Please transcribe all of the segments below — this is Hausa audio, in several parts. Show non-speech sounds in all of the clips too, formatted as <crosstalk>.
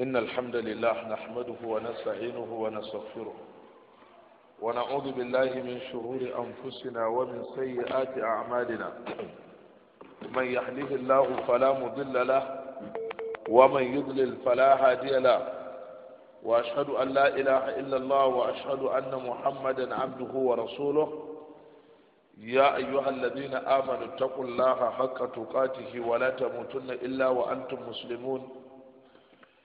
إن الحمد لله نحمده ونستعينه ونستغفره ونعوذ بالله من شرور أنفسنا ومن سيئات أعمالنا من يحليه الله فلا مضل له ومن يضلل فلا هادي له وأشهد أن لا إله إلا الله وأشهد أن محمدا عبده ورسوله يا أيها الذين آمنوا اتقوا الله حق تقاته ولا تموتن إلا وأنتم مسلمون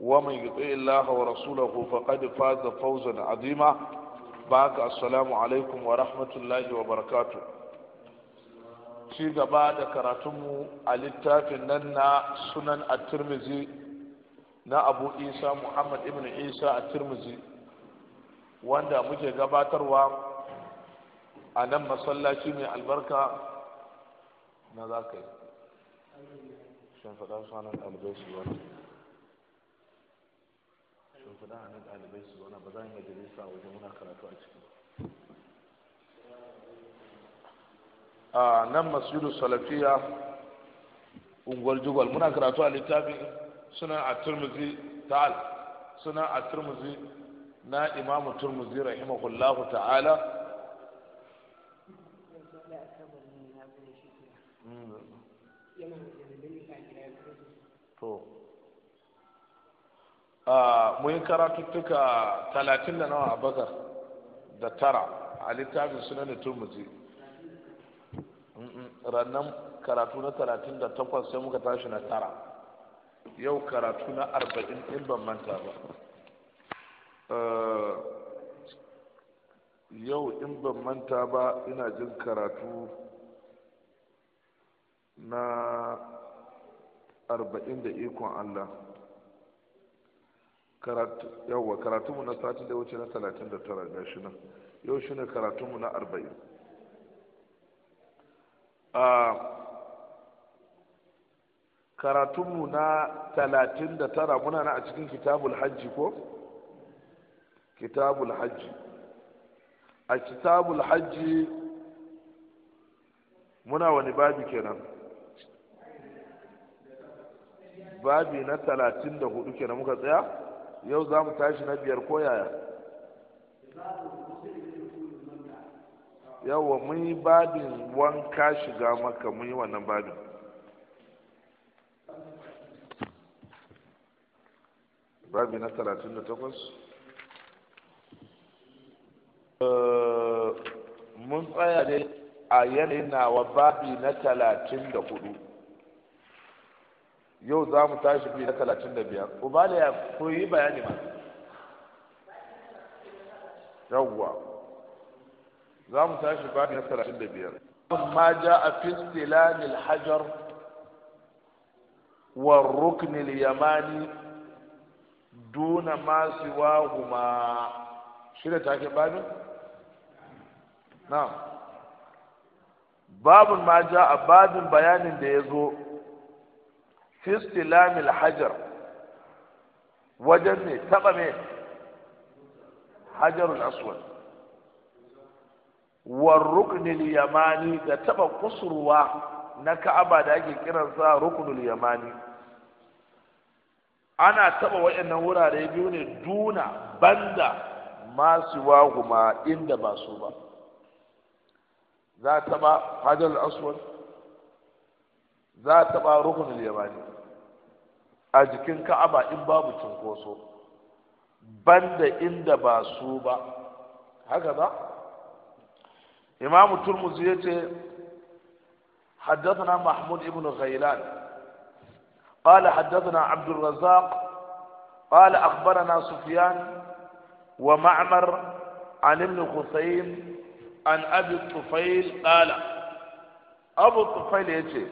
ومن يطع الله ورسوله فقد فاز فوزا عظيما باك السلام عليكم ورحمة الله وبركاته ci gaba da karatunmu a littafin nan na sunan a tirmizi na abu isa muhammad ibn isa a tirmizi wanda muke gabatarwa a nan masallaci mai albarka na za ka yi sun fi dan hannun ɗalibai su zauna ba za a yi a wajen muna karatu a ciki a nan masjidu salafiya unguwar jugwal muna karatu a littafi suna a turmuzi ta'al suna a turmuzi na imamu turmuzi rahimahullahu ta'ala hmm. to Ah, mun yi karatuttuka talatin da nawa a bakar da tara a littafin sunan turmuzi rannan karatu na talatin da takwas sai muka tashi na tara yau karatu na arba'in in ban manta ba ah, yau in ban manta ba ina jin karatu na arba'in da ikon allah karatu yawwa mu na sati da wuce na 39 ga shi nan yau shi ne mu na 40 a mu na 39 muna na a cikin kitabul hajji ko kitabul hajji a kitabul hajji muna wani babi kenan babi na 34 kenan muka tsaya yau za mu tashi na biyar ko yaya yawa mun yi babin wanka shiga maka mun yi wannan babin babi na talatin da takwas eh, mun tsaya ne a yanayin nawa babi na talatin da hudu yau za mu tashi fi na talatin da biyar ubala ya koyi bayani ma yawwa za mu tashi fi na talatin da biyar ma ja a fistilanil hajar wa ruknil yamani duna ma wa kuma shi da take babin na babin ma ja a babin bayanin da ya zo Fisti Lamil hajar wajen ne taba me hajarul aswad war yamani da taba kusurwa na ka'aba da ake kiransa rukunin yamani ana taba waɗannan wurare biyu ne duna banda masu wahuma inda ba su ba za ta hajar Aswal za ta rukunin yamani a jikin ka'aba in babu cinkoso banda inda ba su ba haka ba imamu turmuzi ya ce حدثنا محمود بن غيلان قال حدثنا عبد الرزاق قال أخبرنا سفيان ومعمر عن ابن خثيم عن أبي الطفيل قال أبو الطفيل يتي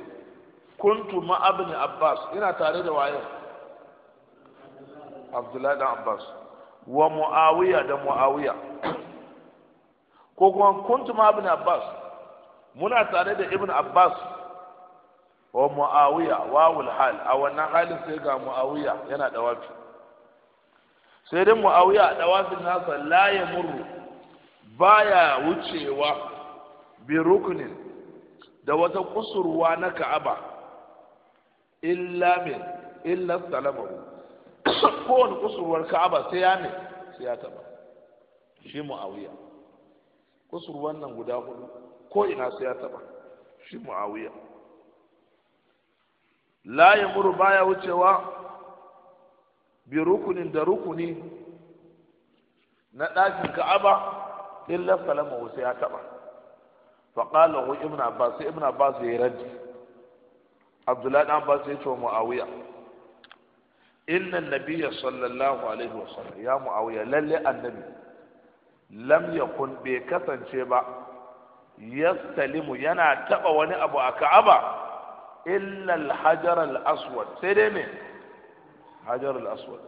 كنت مع ابن عباس هنا تعرض وعيه abdullahi dan abbas wa muawiya da muawiya ko kuma kuntum ibn abbas muna tare da ibn abbas wa muawiya wawul hal a wannan halin sai ga muawiya yana wafi sai dai muawiya a dawafin nasa la yamurru baya wucewa bi ruknin da wata kusurwa na ka'aba illa min illa salamahu kowane kusurwar ka'aba sai ya ne sai ya taba shi muawiya kusur wannan guda hudu ko ina sai ya taba shi muawiya la yamuru baya wucewa bi rukunin da rukuni na ɗakin ka'aba illa salama sai ya taba faƙala hu ibn abbas ibn abbas ya yi raddi abdullahi dan abbas ya ce muawiya إن النبي صلى الله عليه وسلم يا معاوية للي النبي لم يكن بكثن شبا يستلم ينا تبا وني أبو أكعبا إلا الحجر الأسود سيدي حجر الأسود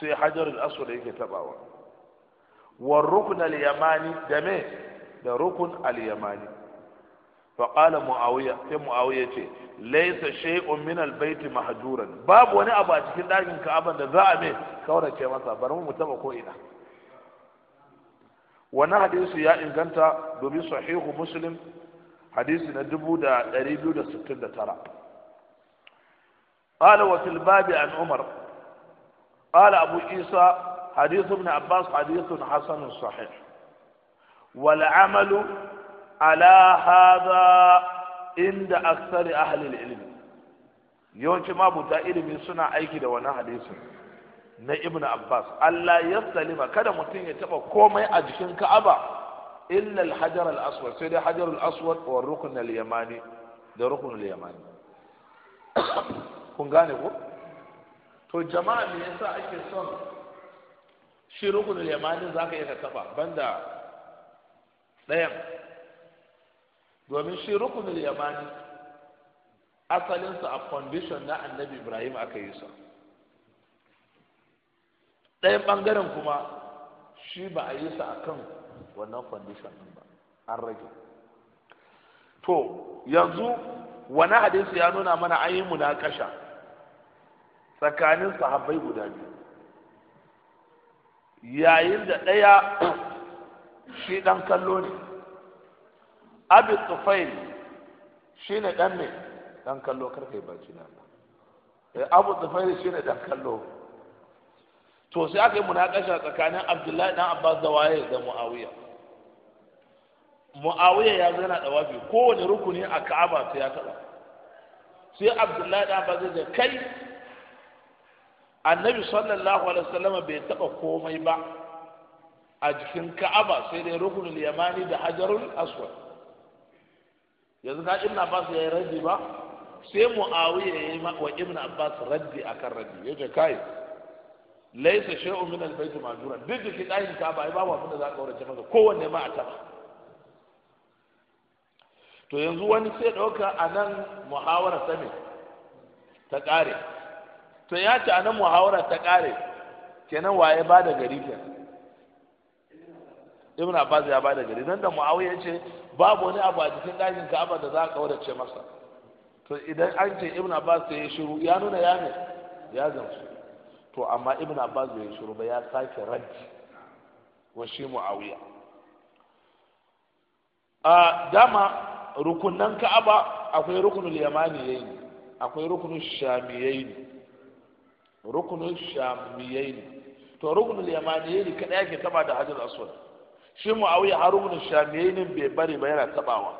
سي حجر الأسود يكي تبا والركن اليماني دمي ده ركن اليماني فقال معاوية في معاوية ليس شيء من البيت مهجورا باب وني أبا تكين دارين كعبا دزعمي كورا كما سابرمو متبقو إلا وانا حديث يا إنغانتا دوبي صحيح مسلم حديث ندبو دا أريدو دا ستن دا ترى قال وفي الباب عن عمر قال أبو إيسى حديث ابن عباس حديث حسن صحيح والعمل ala hadha inda aksari ahli ilmi yawanci mabuta ilimi suna aiki da wani hadisin na ibnu abbas allah ya salima kada mutum ya taba komai a jikin ka'aba illa al-hajar al-aswad sai wa rukun da rukun kun gane ko to jama'a me yasa ake son shi rukun yamani zaka iya ka banda ɗayan. domin shi rukunin yamani asalinsa a condition na annabi ibrahim aka yi sa ɗayan ɓangaren kuma shi ba a yi sa a kan wannan condition ba an rage to yanzu wani hadisi ya nuna mana an yi munakasha tsakanin sahabbai guda biyu yayin da ɗaya shi ɗan kallo ne Eh, abu tufail shine ɗan ne ɗan kallo yi baki na abu tufail ne ɗan kallo to sai aka yi munakasha tsakanin abdullahi ɗan abbas da waye da muawiya muawiya ya zo yana dawafi kowane rukuni a ka'aba sai ya taɓa sai abdullahi ɗan abbas ya kai annabi sallallahu alaihi wasallam bai taɓa komai ba a jikin ka'aba sai dai rukunin yamani da hajarul aswad yanzu ka ibn abbas ya yi raddi ba sai muawiya ya yi wa ibn abbas raddi akan raddi ya ce kai laisa shay'un min al-bayt duk da ki dahin ka ba babu abin da za ka aurace maka kowanne ma a taba to yanzu wani sai dauka anan muhawara sami ta kare to ya ce anan muhawara ta kare kenan waye ba da gari kenan ibn abbas ya bada gari nan da muawiya ce babu wani abu a cikin dakin ka'aba da za ka wadace masa to idan an ce ibn abbas sai ya shiru ya nuna ya ne ya gamsu to amma ibn abbas bai shiru ba ya sake raji wa shi muawiya a dama rukunan ka'aba akwai rukunul yamaniyaini akwai rukunul shamiyaini rukunul ne. to rukunul yamaniyaini kada yake taba da hajar aswad shi muawiya harun shamiyin bai bari ba yana tabawa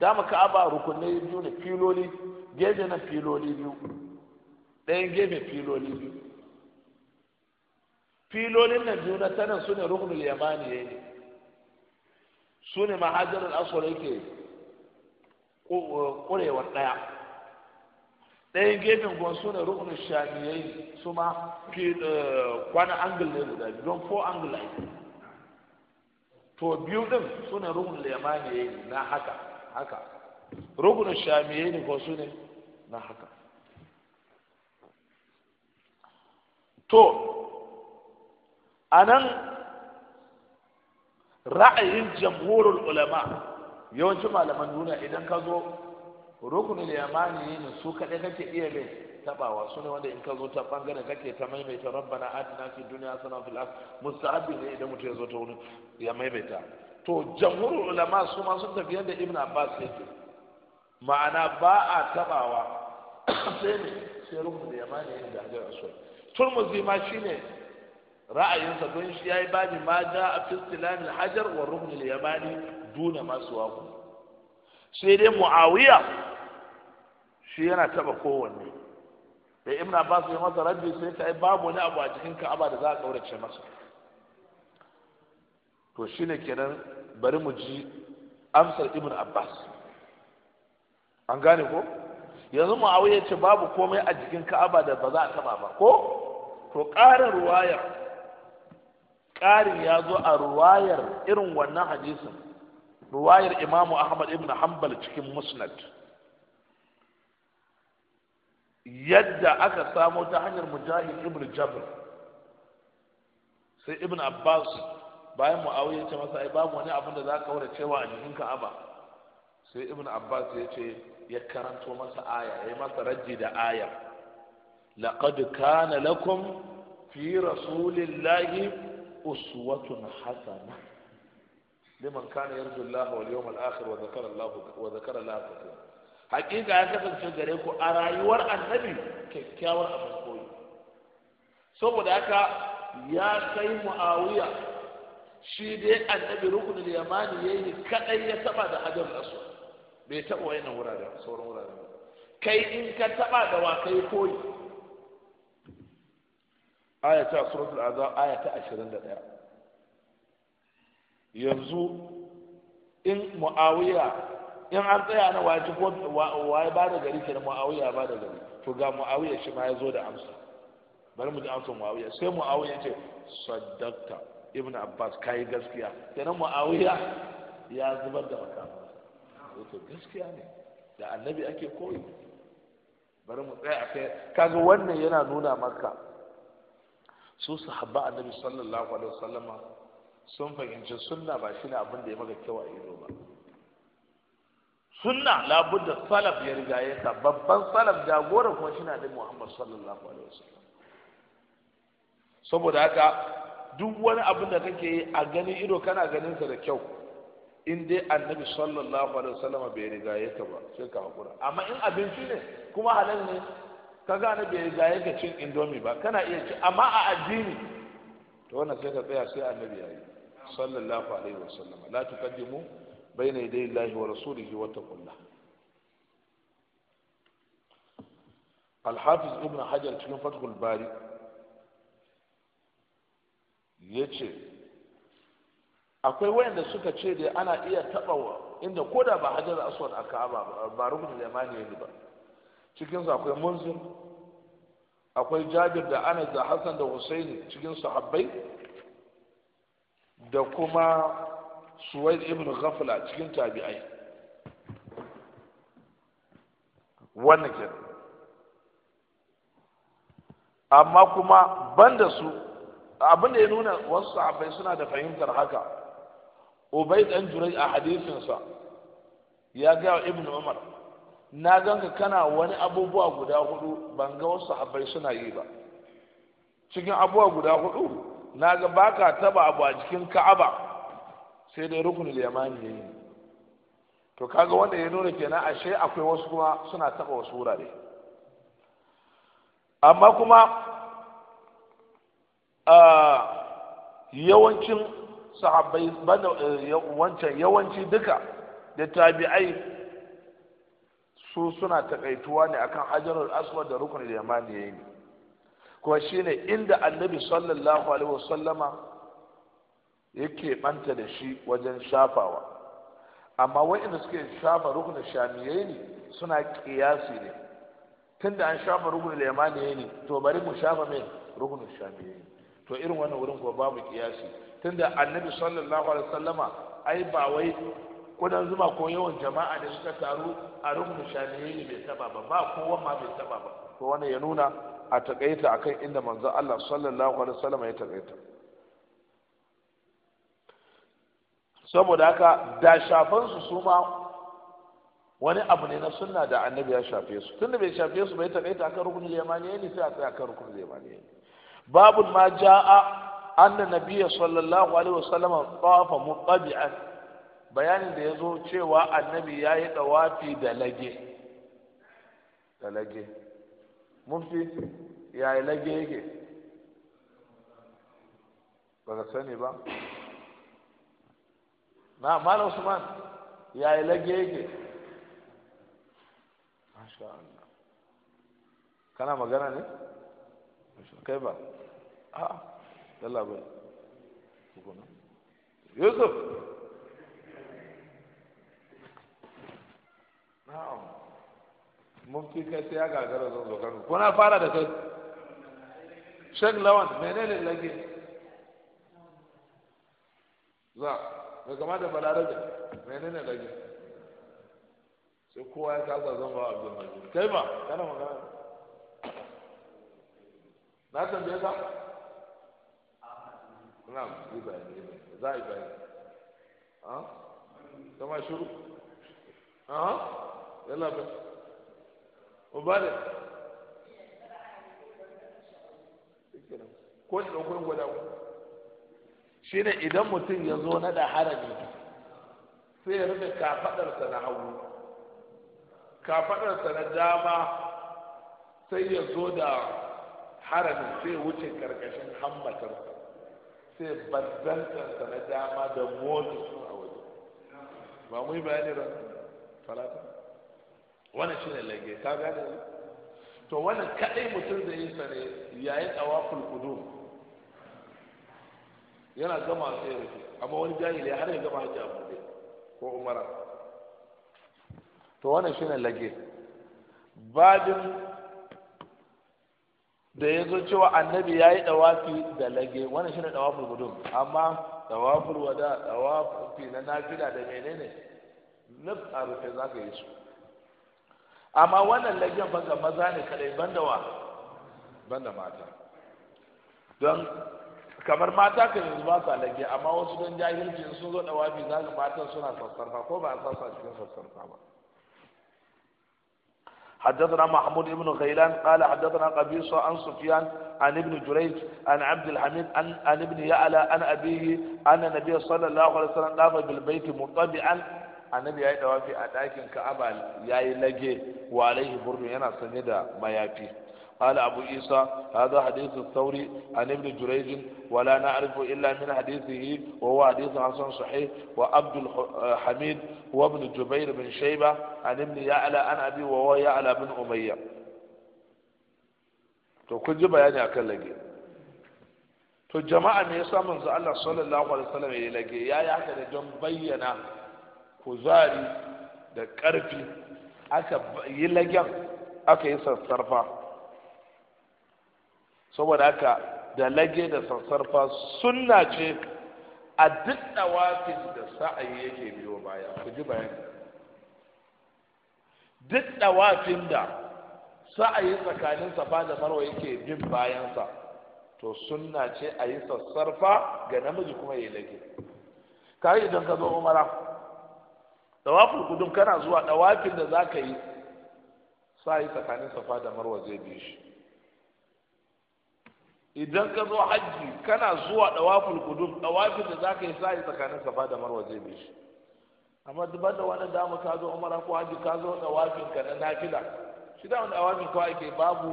dama ka'aba rukunai biyu ne filoli gefe na filoli biyu ɗayan gefe filoli biyu filolin na biyu na tanan su ne rukunul yamani ne su ne mahajarar aswar yake ƙurewar ɗaya ɗayan gefen gwan su ne rukunul shamiyai su ma eh, kwana angle ne guda biyu don ko angle to biyu din suna ne rugun lemaniye ne na haka haka rugun shamiye ne ko su ne na haka to anan ra'ayin jamhurul ulama yawancin malaman duniya idan ka zo rukunin yamani ne su kaɗai kake iya mai tabawa su ne wanda in ka zo ta bangaren kake ta maimaita rabbana adina fi duniya hasana fil akhirah musta'abi ne idan mutum ya zo ta wuni ya maimaita to jamhurul ulama su ma sun tafi yadda ibn abbas yake ma'ana ba a tabawa <coughs> sai ne sai rukunin yamani ne da hajjar aswad turmuzi ma shine ra'ayinsa don shi yayi babi ma a fi istilamil hajar wa rukunin yamani duna masu waku sai dai muawiya shi yana taba kowanne da ibn abbas ya masa rabbi sai ta babu wani abu a cikin ka'aba da za a kaurace masa to shine kenan bari mu ji amsar ibn abbas an gane ko yanzu ya ce babu komai a jikin ka'aba da ba za a taba ba ko to ƙarin ruwayar ƙarin ya zo a ruwayar irin wannan hadisin ruwayar imamu ahmad ibn hanbal cikin musnad yadda aka samo ta hanyar mujahid ibn jabr sai ibn abbas bayan mu'awiyar ce masa ai babu wani abin da za ka wura cewa a jikin Aba, sai ibn abbas ya ce ya karanto masa aya ya masa rajji da aya laqad kana lakum fi rasulillahi uswatun hasana liman kana yarju Allah wal yawmal akhir wa dhakara Allah wa dhakara Allah hakika ya kasance gare ku a rayuwar annabi kyakkyawar abin koyi saboda haka ya kai mu'awiya shi dai annabi rukunin yamani ya yi kaɗai ya taɓa da hajar nasu bai taɓa wurare, wuraren sauran wurare kai in ka taɓa da wa kai koyi aya ta suratul azab aya ta 21 yanzu in mu'awiya in an tsaya na waye ko waye ba da gari kenan muawiya ba da gari to ga muawiya shi ma ya zo da amsa bari mu ji amsa muawiya sai muawiya ce saddaqta ibn abbas kai gaskiya kenan muawiya ya zubar da ko to gaskiya ne da annabi ake koyi bari mu tsaya akai kaga wannan yana nuna maka su sahabba annabi sallallahu alaihi wasallama sun fahimci sunna ba shine abin da ya maka kyau a ido ba sunna labudda salaf ya riga ya ta babban salaf jagora kuma shi na da muhammad sallallahu alaihi wasallam saboda haka duk wani abin da kake yi a gani ido kana ganin sa da kyau in dai annabi sallallahu alaihi wasallam bai riga ya ta ba sai ka hakura amma in abinci ne kuma halal ne ka gane bai riga ya ka cin indomi ba kana iya ci amma a addini to wannan sai ka tsaya sai annabi ya yi sallallahu alaihi wasallam la tuqaddimu بين يدي الله wa rasulihi الله الحافظ ابن حجر ibn hajar cikin fathul yace akwai wayanda suka ce da ana iya wa inda koda ba hajar aswad a ka'aba ba rukun yamani ne ba cikin su akwai munzir akwai jabir da anas da hassan da husaini cikin sahabbai da kuma suwaid ibn ghafla cikin tabi'ai wannan ke amma kuma banda su abin da ya nuna wasu sahabbai suna da fahimtar haka ubay dan jurai a hadisinsa ya ga ibn umar na ganka kana wani abubuwa guda hudu ban ga wasu sahabbai suna yi ba cikin abubuwa guda hudu na ga baka taba abu a cikin ka'aba sai dai rukunin yamani ya yi to kaga wanda ya nuna kenan ashe akwai wasu kuma suna taba wasu wurare amma kuma yawancin sahabbai eh, wancan yawanci duka da tabi'ai su suna takaituwa ne akan hajarar aswad da rukunin yamani ya yi kuma shine inda annabi sallallahu alaihi wasallama yake banta da shi wajen shafawa amma waɗanda suke shafa rukunin shamiyai ne suna kiyasi ne tunda an shafa rukunin limaniye ne to bari mu shafa mai rukunin shamiyai to irin wannan wurin ko babu kiyasi tunda annabi sallallahu alaihi wasallama ai ba wai kudan zuma ko yawan jama'a da suka taru a rukunin shamiyai ne bai taba ba ba kowa ma bai taba ba to wannan ya nuna a takaita akan inda manzon Allah sallallahu alaihi wasallama ya takaita saboda haka da shafansu su ma wani abu ne na sunna da annabi ya shafe su da bai shafe su bai takaita akan rukunin limaniya ne sai a tsaya akan rukunin limaniya ne babu ma ja'a anna nabiyya sallallahu alaihi wasallam tawafa muqabi'an bayanin da yazo cewa annabi yayi dawafi da lage da lage mufti yayi lage yake ba ka sani ba na mala usman ya yi lage yake masha Allah kana magana ne kai ba a dalla bai hukuna yusuf na'am mufti kai sai ya gagara zan zo kanu ko na fara da kai shek lawan menene lage za Ka kama da mene menene rage sai kowa ya kasa zan ba abin hajji kai ba kana magana na tambaye ka na yi bayani za a yi bayani ha kama shuru ha yalla ba da ko da ɗaukar gwada ku shi ne idan mutum ya zo na da harami sai ya rufe kafaɗarsa na hagu kafaɗarsa na dama sai ya zo da haramin sai wuce karkashin hammatarsa sai bazantarsa na dama da motsa su a waje ba mu yi bayani ran talata wani shi ne lage ka gane to wani kaɗai mutum zai yi sa ne yayin awakul kudu yana gama sai ya rufe amma wani jahili har ya gama hajji a buɗe ko umara to wannan shine lage babin da ya zo cewa annabi ya yi dawafi da lage wannan shine ɗawafin gudun amma dawaful wada dawafi na nafila da menene nuf a rufe za ka yi su amma wannan lagen fanka maza ne kadai banda wa banda mata don kamar mata kan yanzu ba sa lage amma wasu don jahilci in sun zo da wafi za ga matan suna sassarfa ko ba a sassa cikin sassarfa ba حدثنا محمود بن غيلان قال حدثنا قبيصة عن سفيان عن ابن جريج عن عبد الحميد عن, عن ابن يعلى عن أبيه أن النبي صلى الله عليه وسلم طاف بالبيت مطبعا annabi ya yi dawafi a ɗakin ka'aba ya yi lage wa alaihi burdu yana قال أبو عيسى هذا حديث الثوري عن ابن جريج ولا نعرف إلا من حديثه وهو حديث حسن صحيح وعبد الحميد هو ابن جبير بن شيبة عن ابن يعلى عن أبي وهو يعلى بن أمية تو كل جبا يعني أكل لكي تو جماعة ميسا من سأل الله صلى الله عليه وسلم إلي يا يا حكا جم بينا كذاري دكارفي أكا يلقى أكا يسال صرفه saboda haka da lage da sassarfa sunna ce a duk wafin da sa'ayi yake biyo baya ku ji bayan duk wafin da sa'ayi tsakanin safa da marwa yake bin bayansa to sunna ce a yi sassarfa ga namiji kuma ya lage kare idan ka zo umara wafin kudin kana zuwa wafin da za ka yi sa'ayi tsakanin safa da marwa zai bi shi idan ka zo hajji kana zuwa dawaful qudum dawafin da zaka yi sai tsakanin safa da marwa zai bi shi amma duba da wani damu ka zo umara ko hajji ka zo dawafin ka na nafila shi da wani dawafin kawai ke babu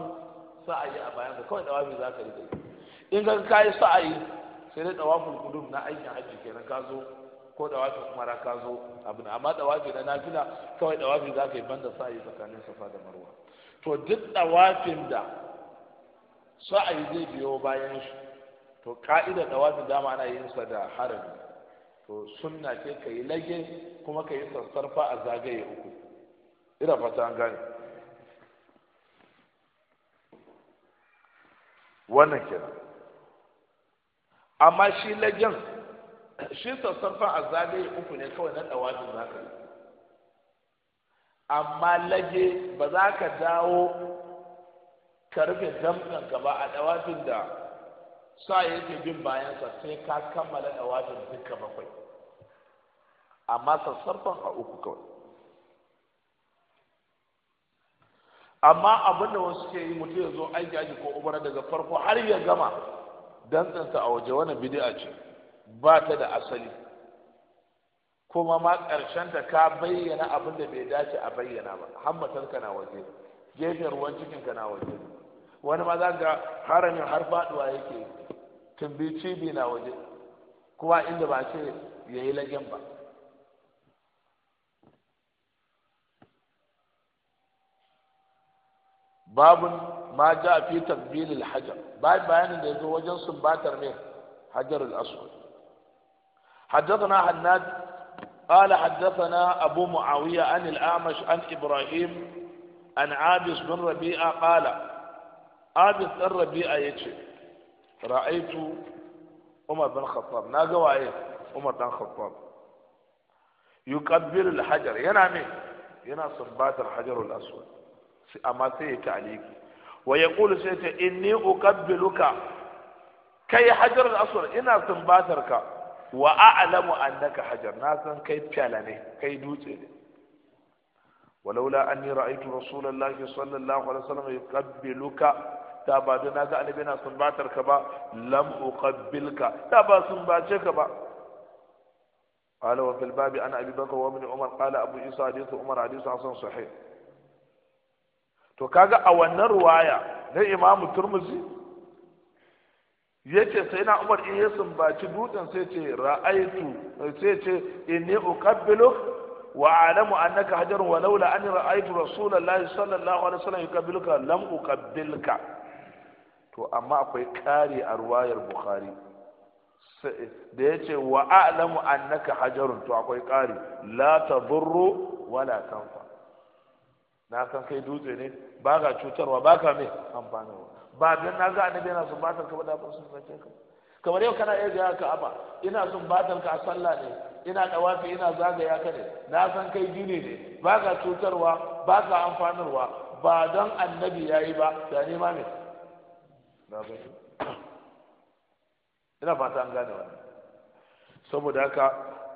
sa'ayi a bayan ka kawai dawafi zaka rike in ka kai sa'ayi sai dai dawaful qudum na aikin hajji kenan ka zo ko dawafin umara ka zo abin amma dawafi na nafila kawai za zaka yi banda sa'ayi tsakanin safa da marwa to duk dawafin da sa'ayi zai biyo bayan shi to ka'ida wasu dama ana yin sa da harami to sunna ce ka yi lage kuma ka yi sassarfa a zagaye uku ina fata an gane wannan kenan amma shi lagen shi sassarfa a zagaye uku ne kawai na dawafin zaka yi amma lage ba za ka dawo ka rufe damkan ka ba a ɗawafin da sa yake bin bayansa sai ka kammala ɗawafin duka bakwai amma sassarfan a uku kawai amma abin wasu ke yi mutum ya zo aiki aiki ko umara daga farko har ya gama dantsanta a waje wani bidi'a ce ba ta da asali kuma ma ƙarshen ta ka bayyana abin da bai dace a bayyana ba hammatar na waje gefen ruwan cikin ka na waje wani ma za ga haramin har faduwa yake tumbi cibi na waje kuma inda ba ce ya yi lagen ba babun ma ja fi tabbilil hajar bayan bayanin da ya zo wajen sumbatar mai hajar al-aswad حدثنا حناد قال حدثنا أبو معاوية عن الأعمش عن إبراهيم أن عابس بن ربيعة قال عابس بن ربيعة يتشي رأيت عمر بن الخطاب ناقوا ايه عمر بن الخطاب يقبل الحجر ينامي ينا صبات الحجر الأسود أما سأماتيك عليك ويقول سيدة إني أكبلك كي حجر الأسود إنا صباترك وأعلم أنك حجر ناسا كي تكالني كي دوتي walaula anni ra'aytu rasulullahi sallallahu alaihi wasallam yuqabbiluka da ba don naga annabi na sumbatar ka ba lam uqabbilka da ba sunbace ka ba قال وفي الباب عن ابي بكر وابن عمر قال ابو عيسى حديث عمر حديث حسن صحيح to kaga a wannan ruwaya na imam yace sai na umar in ya sumbaci dutsen sai ce ra'aitu sai ce inni uqabbilu وأعلم أنك حجر ولولا أني رأيت رسول الله صلى الله عليه وسلم يقبلك لم أقبلك to amma akwai kare a ruwayar bukhari da ya ce wa a'lamu annaka hajarun to akwai ƙari. la tadurru wala tanfa na san kai dutse ne ba ka cutarwa ba ka mai amfanarwa ba dan na ga annabi yana sun ba ka ba da sun ka kamar yau kana iya zuwa ka aba ina son batan ka a sallah ne ina dawafi ina zagaya ka ne na san kai dini ne ba ka cutarwa ba ka amfanarwa ba don annabi ya yi ba da ma ne ina fata an gane wani saboda haka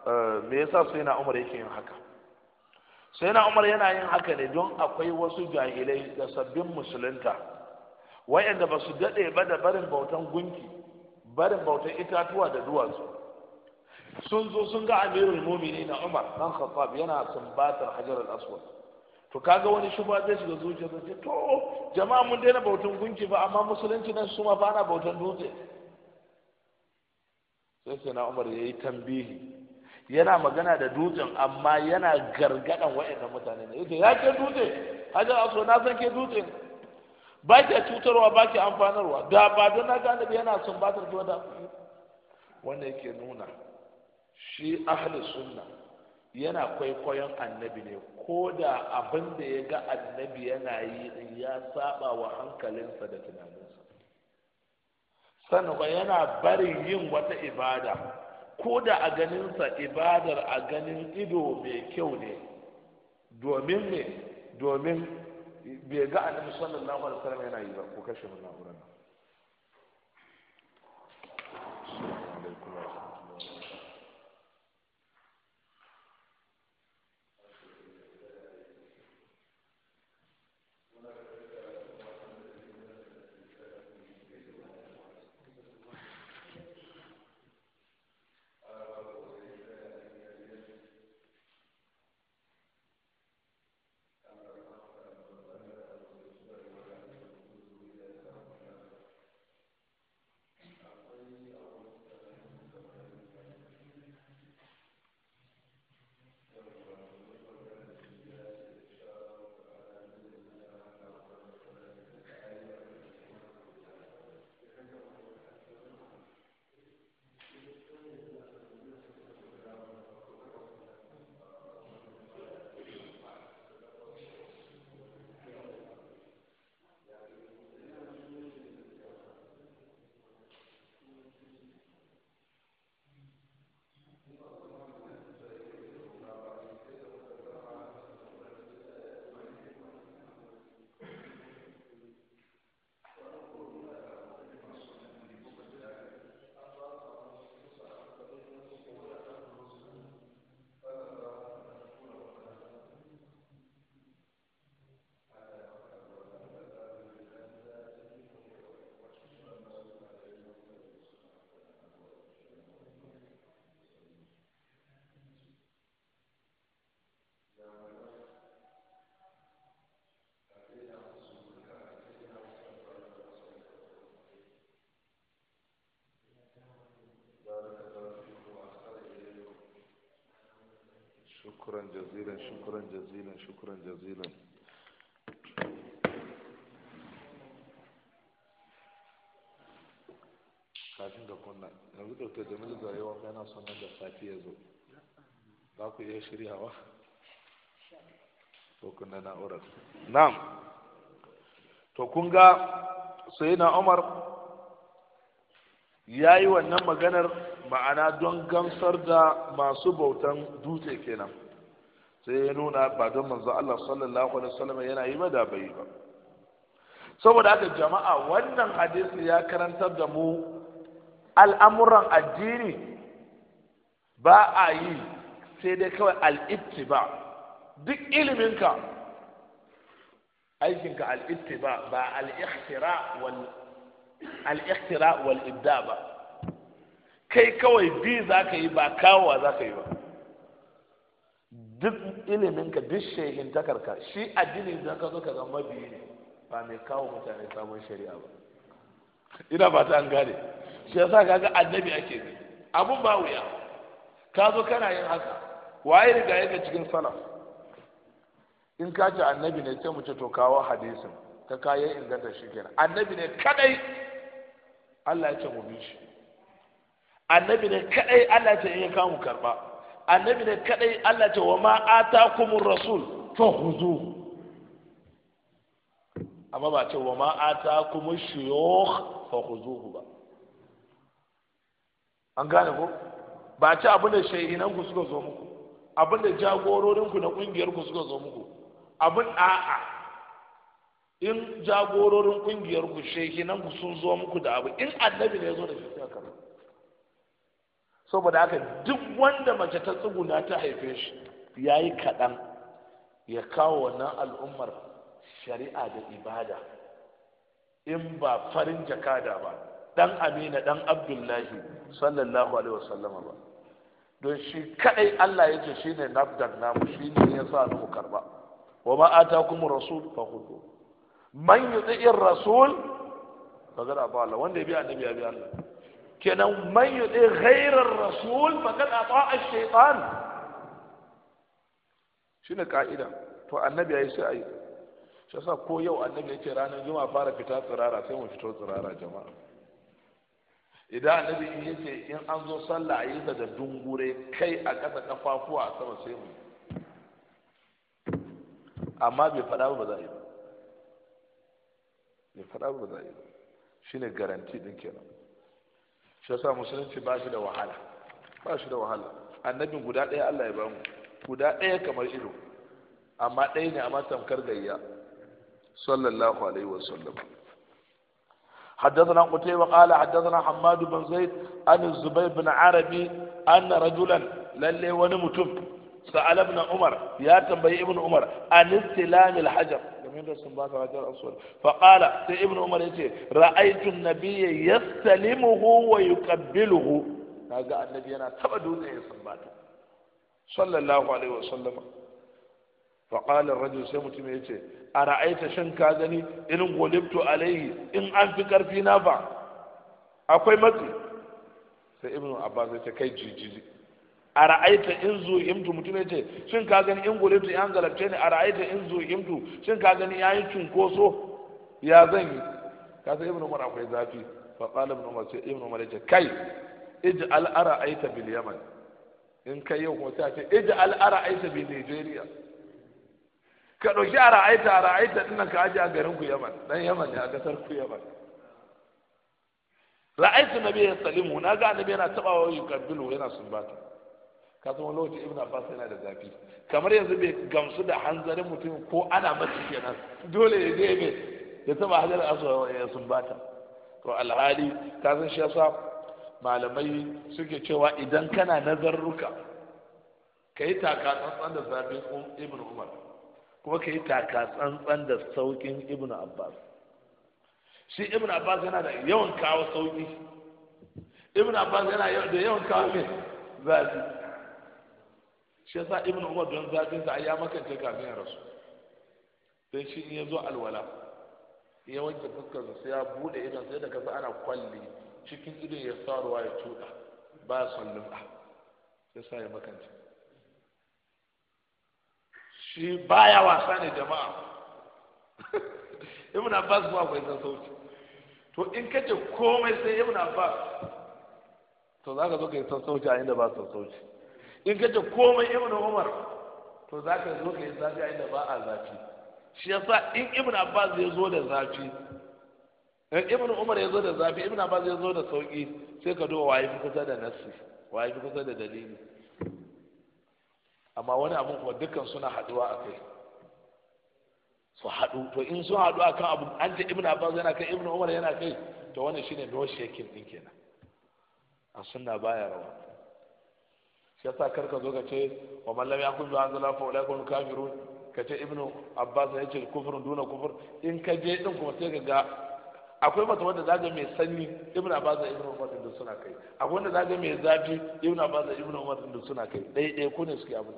eh, me yasa sai na umar yake yin haka sai na umar yana yin haka ne don akwai wasu jahilai da sabbin musulunta wa'anda ba su daɗe ba da barin bautan gunki barin bautar itatuwa da duwatsu sun zo sun ga amirul mumini na umar dan khattab yana sumbatar hajar al-aswad to kaga wani shuba zai shiga zuciyar ce to jama'a mun daina bautan gunki ba amma musulunci nan su ma ba na bautan dutse sai sai na umar yayi tambihi yana magana da dutsen amma yana gargadan wa'annan mutane ne yace ya ke dutse hajar al-aswad na san ke dutse ba ki cutarwa ba ki amfanarwa da ba don na gane da yana son batar ki wada wanda yake nuna shi ahli sunna yana kwaikwayon annabi ne ko da abin da ya ga annabi yana yi din ya saba wa hankalinsa da tunaninsa sannan ba yana barin yin wata ibada ko da a ganinsa ibadar a ganin ido mai kyau ne domin ne domin bai ga annabi sallallahu alaihi wasallam yana yi ba ko kashe mun na'urar nan شكرا جزيلا شكرا جزيلا شكرا جزيلا kafin da kunna yanzu ɗauke jamilu da yawa yana sonar da safi ya zo za ku iya shiryawa ko kunna na'urar na'am to kun ga sai na umar ya yi wannan maganar ma'ana don gamsar da masu bautan dutse kenan sai ya nuna ba don manzo Allah sallallahu alaihi wasallam yana yi ba da bai ba saboda haka jama'a wannan hadisi ya karantar da mu al'amuran addini ba a yi sai dai kawai al'ittiba duk iliminka aikinka al'ittiba ba al'ihtira wal al'ihtira wal ibda ba kai kawai bi za ka yi ba kawowa za ka yi ba duk iliminka duk shehin takarka shi addini idan ka zo ka ga biyu ne ba mai kawo mutane sabon shari'a ba ina ba ta an gane shi yasa kaga annabi ake bi abun ba wuya ka zo kana yin haka waye riga yake cikin salaf in ka ce annabi ne sai mu ce to kawo hadisin ta kaya inganta shi kenan annabi ne kadai Allah ya ce mu bi shi annabi ne kadai Allah ya ce in ya kamu karba annabi ne kadai Allah ce wa ma kuma rasul huzu amma ba ce wa ma atakumush shuyukh fahuzuhu ba an gane ko ba ce abin da shehinan ku suka zo muku abin da jagororin ku na kungiyar ku suka zo muku abin a'a in jagororin kungiyar ku shehinan ku sun zo muku da abu in annabi ne ya zo da shi sai ka saboda haka duk wanda mace ta tsuguna ta haife shi ya yi kaɗan ya kawo wannan al'ummar shari'a da ibada in ba farin jakada ba ɗan amina ɗan abdullahi sallallahu alaihi wasallam ba don shi kaɗai allah ya ce shi ne nafdar namu shi ne ya sa mu karba wa ma kuma rasul fa hudu man yuti'ir rasul ba zara ba Allah wanda ya bi annabi ya bi Allah kenan man yuti ghairar rasul faqad ata ash-shaytan shine ka'ida to annabi yayi sai ayi shi yasa ko yau annabi yake ranar juma'a fara fita tsirara sai mu fito tsirara jama'a idan annabi in yace in an zo sallah ayi ta da dungure kai a kasa kafafuwa a sama sai mu amma bai faɗa ba za a yi ba bai faɗa ba za a yi ba shine garanti din kenan shi yasa musulunci ba shi da wahala ba shi da wahala annabin guda ɗaya Allah ya bamu guda ɗaya kamar ido amma ɗaya ne amma tamkar gayya sallallahu alaihi wa sallam حدثنا قتيبة قال حدثنا حماد بن زيد عن الزبير بن عربي أن رجلا للي ونمتم سأل ابن عمر يا ابن عمر عن استلام الحجر kamar da sun baka hajar aswad fa qala sai ibnu umar yace ra'aytu an-nabiyya yastalimuhu wa yuqabbiluhu kaga annabi yana taba dutse ya sambata sallallahu alaihi wa sallama fa qala ar-rajul sai mutum yace ara'aita shan ka gani in goliftu alaihi in an fi karfi na ba akwai matsi sai ibnu abbas yace kai jijiji a ra'aita in zu imtu mutum ya ce shin ka gani in ta yan galabce ne a ra'aita in zu imtu shin ka gani ya yi cunkoso ya zan yi ka san ibn umar akwai zafi fa qala ibn umar sai ibn umar ya ce kai ij'al ara'aita bil yaman in kai yau kuma sai a ce ij'al ara'aita bil nigeria ka ɗauki a ra'aita a ra'aita ɗin ka aje a garin ku yaman dan yaman ne a ƙasar ku yaman ra'aitu na ya salimu na ga annabi yana taɓa wa yuqabbilu yana sumbata ka san lokacin lokaci ibn abbas yana da zafi kamar yanzu bai gamsu da hanzarin mutum ko ana mace kenan dole ya je mai ya taba hajar aswa ya sumbata to alhali ka san shi yasa malamai suke cewa idan kana nazarruka ka yi taka tsantsan da zafin um, ibn umar kuma ka yi taka tsantsan da saukin ibn abbas shi ibn abbas yana da yawan kawo sauki ibn abbas yana da yawan kawo mai zafi shi yasa ibn umar don zafin sa ya makance kafin ya rasu don shi ne ya zo alwala ya wanke fuskar sa sai ya bude idan sai da kasa ana kwalli cikin idon ya sa ruwa ya tuda ba ya son lumba sai sa ya makance shi baya wasa ne jama'a <laughs> ibn abbas ba akwai san sauki to in kace komai sai ibn abbas to za ka zo ka yi sassauci a inda ba sassauci in ka ce komai ibn umar to za ka zo ka yi zafi a inda ba a zafi shi yasa in ibn abbas ya zo da zafi in ibn umar ya zo da zafi ibn abbas ya zo da sauki sai ka duba waye fi kusa da nassi waye fi kusa da dalili amma wani abun kuma dukkan suna haduwa a kai su haɗu to in sun haɗu a kan abu an ce ibn abbas yana kai ibn umar yana kai to wannan shine no shaking din kenan a sunna baya rawa shi yasa kar ka zo ka ce wa mallam ya yakun an zala fa ulai kun kafirun ka ce ibnu abbas ya ce kufrun duna kufur in ka je din kuma sai ka ga akwai mata wanda zaga mai sanyi ibnu abbas da ibnu umar din suna kai akwai wanda zaga mai zafi ibnu abbas da ibnu umar din suna kai dai dai ko ne suke abu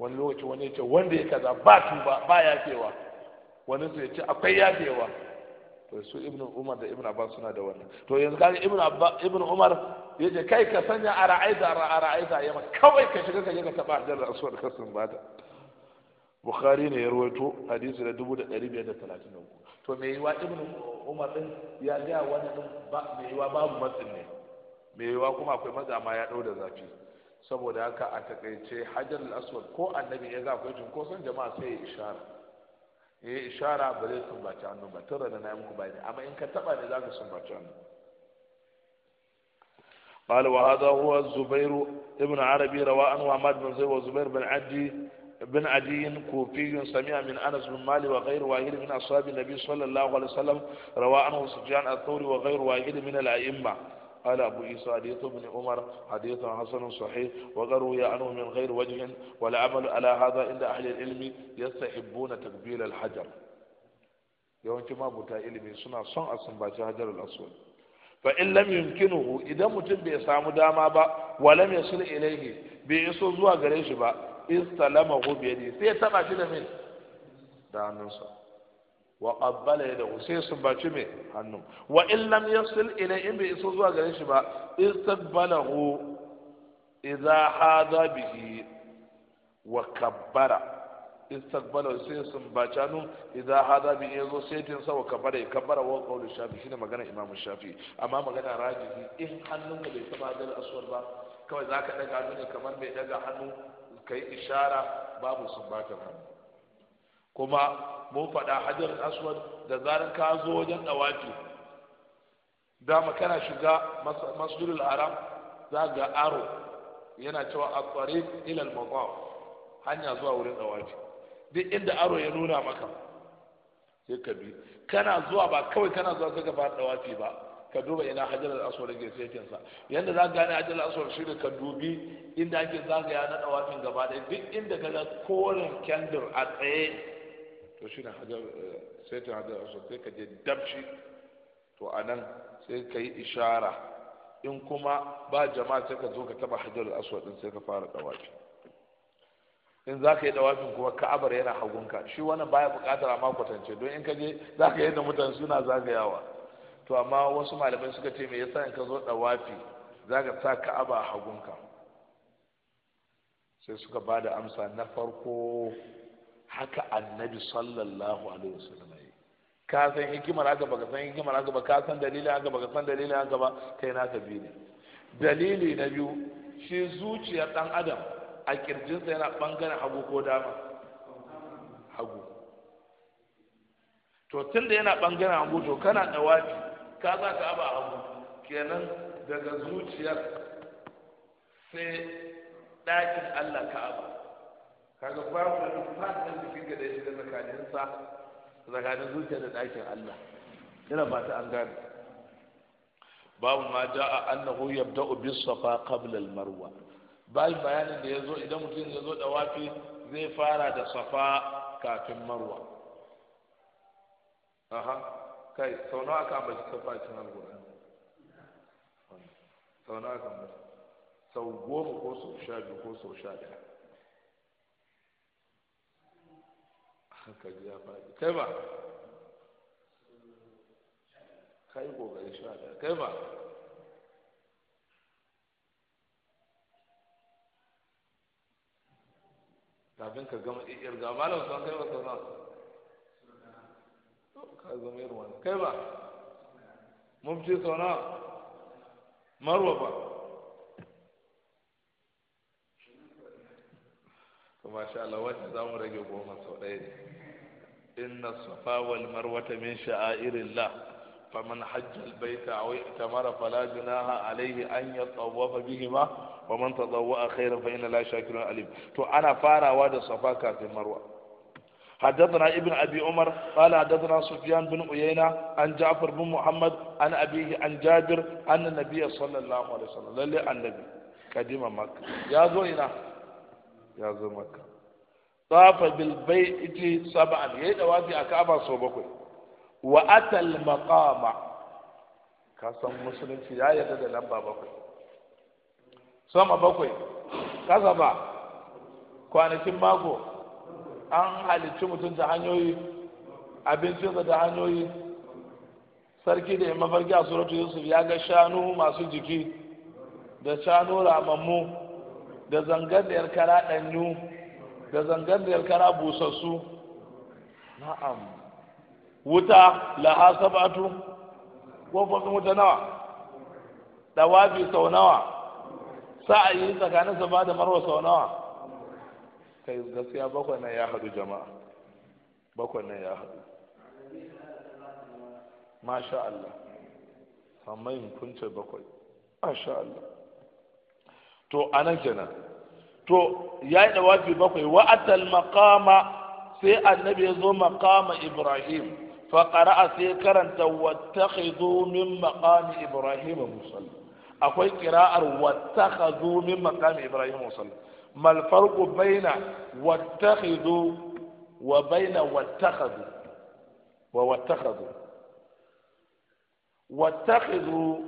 wani lokaci wani ya ce wanda ya kaza ba tuba ba yafewa wani su ya ce akwai yafewa to su ibnu umar da ibnu abbas suna da wannan to yanzu kaga ibnu abbas ibnu umar yace kai ka sanya a ra'aita a ra'aita yamma kawai ka shiga ka je ka taba da rasul ka sun bata bukhari ne ya rawaito hadisi da 1533 to me yiwa ibnu umar din ya ga wani din me yiwa babu matsin ne me yiwa kuma akwai maza ma ya dau da zafi saboda haka a takaice hajar al-aswad ko annabi ya ga akwai tun ko san jama'a sai ya ishara ya yi ishara ba zai sumbaci hannu ba tun rana na muku bayani amma in ka taba ne za ka sumbaci hannu قال وهذا هو الزبير ابن عربي روى عنه عماد بن زيد وزبير بن عدي بن عدي كوفي سمع من انس بن مالي وغير واحد من اصحاب النبي صلى الله عليه وسلم روى عنه سفيان الثوري وغير واحد من الائمه قال أبو عيسى حديث ابن عمر حديث حسن صحيح وقروا عنه من غير وجه والعمل على هذا عند أهل العلم يستحبون تقبيل الحجر yawanci mabuta ilimi suna son a sumbaci hajarul aswad fa in lam yumkinuhu idan mutum bai samu dama ba wa lam yasul ilayhi bai iso zuwa gare shi ba istalamahu bi yadi sai ya shi da min da wa qabbala yadahu sai su baci mai hannu wa in lam yasil in bai iso zuwa garin shi ba istaqbalahu idza hada bihi wa kabbara istaqbala sai sun baca nu idza hada bi yazo sai sa wa kabbara ya kabbara wa qawlu shafi shine magana imamu shafi amma magana rajihi in hannunka bai taba dal aswar ba kawai zaka daga hannu kamar mai daga hannu kai ishara babu sun kuma mun faɗa hajar aswad da zarar ka zo wajen dawafi dama kana shiga masjidul haram za ga aro yana cewa a tsare ilal maqam hanya zuwa wurin dawafi duk inda aro ya nuna maka sai ka bi kana zuwa ba kawai kana zuwa sai ka fara dawafi ba ka duba ina hajar aswad ke setin sa yanda za ka gane hajar aswad shi ka dubi inda ake zagaya na dawafin gaba ɗaya duk inda ka ga koren kendir a tsaye to shi na hajar eh, sai ta hajar aswad sai ka je dabshi to a nan sai ka yi ishara in kuma ba jama'a sai ka zo ka taba hajar aswad din sai ka fara dawafi in za ka yi dawafin kuma ka'abar yana hagunka shi wannan baya buƙatar amma kwatance don in ka je za ka yi da mutane suna zagayawa to amma wasu malamai suka ce me yasa in ka zo dawafi za ka sa ka'aba a hagunka sai suka ba da amsa na farko haka annabi sallallahu alaihi wasallam yi ka san hikimar haka baka san hikimar haka ba ka san dalilin haka baka san dalilin haka ba kai naka bi ne dalili na biyu shi zuciyar dan adam a kirjinsa yana bangaren hagu ko dama hagu to tun da yana bangaren hagu to kana dawafi ka za ka aba hagu kenan daga zuciyar sai ɗakin Allah ka aba kaga babu da duk fatan da ga da ya shiga da sa tsakanin zuciya da ɗakin Allah ina ba ta an gane babu ma ja'a annahu yabda'u bis safa qabla al marwa bai bayanin da yazo idan mutum ya zo da wafi zai fara da safa kafin marwa aha kai sau nawa aka ambaci safa cikin alkur'ani sau nawa aka ambaci sau goma ko sau sha biyu ko sau sha daya hankali ya faɗi kai ba kai kokari shi ba kai ba kafin ka gama ƙirƙir ga malam san kai ba ka zan ka zama irin wani kai ba mumci sau na marwa ba kuma sha Allah wacce za mu rage goma sau ɗaya ne inna safa wal marwata min sha'airillah faman hajja albayta aw itamara fala junaha alayhi an yatawafa bihima wa man tadawwa khairan fa inna la shakirun alim to ana farawa da safa kafin marwa حدثنا ابن ابي عمر قال حدثنا سفيان بن عيينه عن جعفر بن محمد عن ابيه عن جابر ان النبي صلى الله عليه وسلم للي النبي قديم مكه يا زوينا ya zo makka tafa bil baiti sab'an yayi dawafi a ka'aba so bakwai wa atal maqama ka san musulunci ya yarda da lamba bakwai sama bakwai kasa ba kwanakin mako an halicci mutum da hanyoyi abincinsa da hanyoyi sarki da mafarki a suratu yusuf ya ga shanu masu jiki da shanu ramammu da zangarniyar kara ɗanyu da zangarniyar kara busassu na'am wuta laha sabatu kofofin wuta nawa dawafi sau nawa sa'ayi tsakanin sama da marwa sau nawa kai gaskiya bakwai nan ya haɗu jama'a bakwai nan ya haɗu masha Allah amma in kunce bakwai masha Allah to anan kenan to ya yi dawafi bakwai wa atal maqama sai annabi ya zo maqama ibrahim fa qara'a sai karanta wattakhidhu min maqami ibrahim musalla akwai qira'ar wattakhadhu min maqami ibrahim musalla mal farqu baina wattakhidhu wa baina wattakhadhu wa wattakhadhu wattakhidhu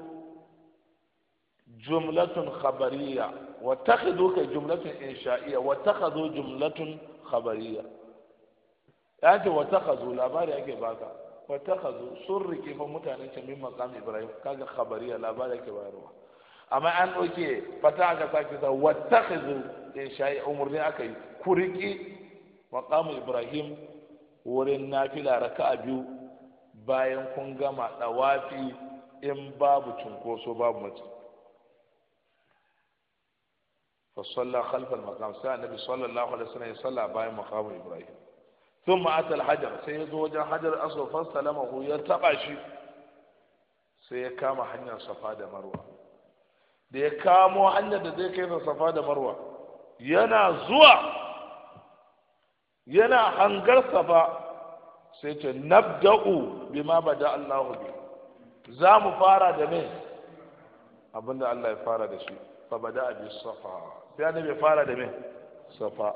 jumlatun khabariya wa takhadhu ka jumlatun insha'iya wa takhadhu jumlatun khabariya ya ce wa labari yake baka wa takhadhu sun rike fa mutanen can min maqam ibrahim kaga khabariya labari yake bayarwa amma an doke fata aka sake sa wa takhadhu insha'iya umurni aka yi ku rike maqam ibrahim wurin nafila raka'a biyu bayan kun gama dawafi in babu cunkoso babu mace fa salla khalfa al-maqam sai annabi sallallahu alaihi wasallam ya salla bayan maqam ibrahim Tun ata al-hajar sai ya zo wajen hajar aswad fa salamahu ya taba shi sai ya kama hanyar safa da marwa da ya kamo hanyar da zai kai sa safa da marwa yana zuwa yana hangar safa sai ce nabda'u bima bada Allahu za mu fara da me abinda Allah ya fara da shi fa bada bi safa sai annabi ya fara da me safa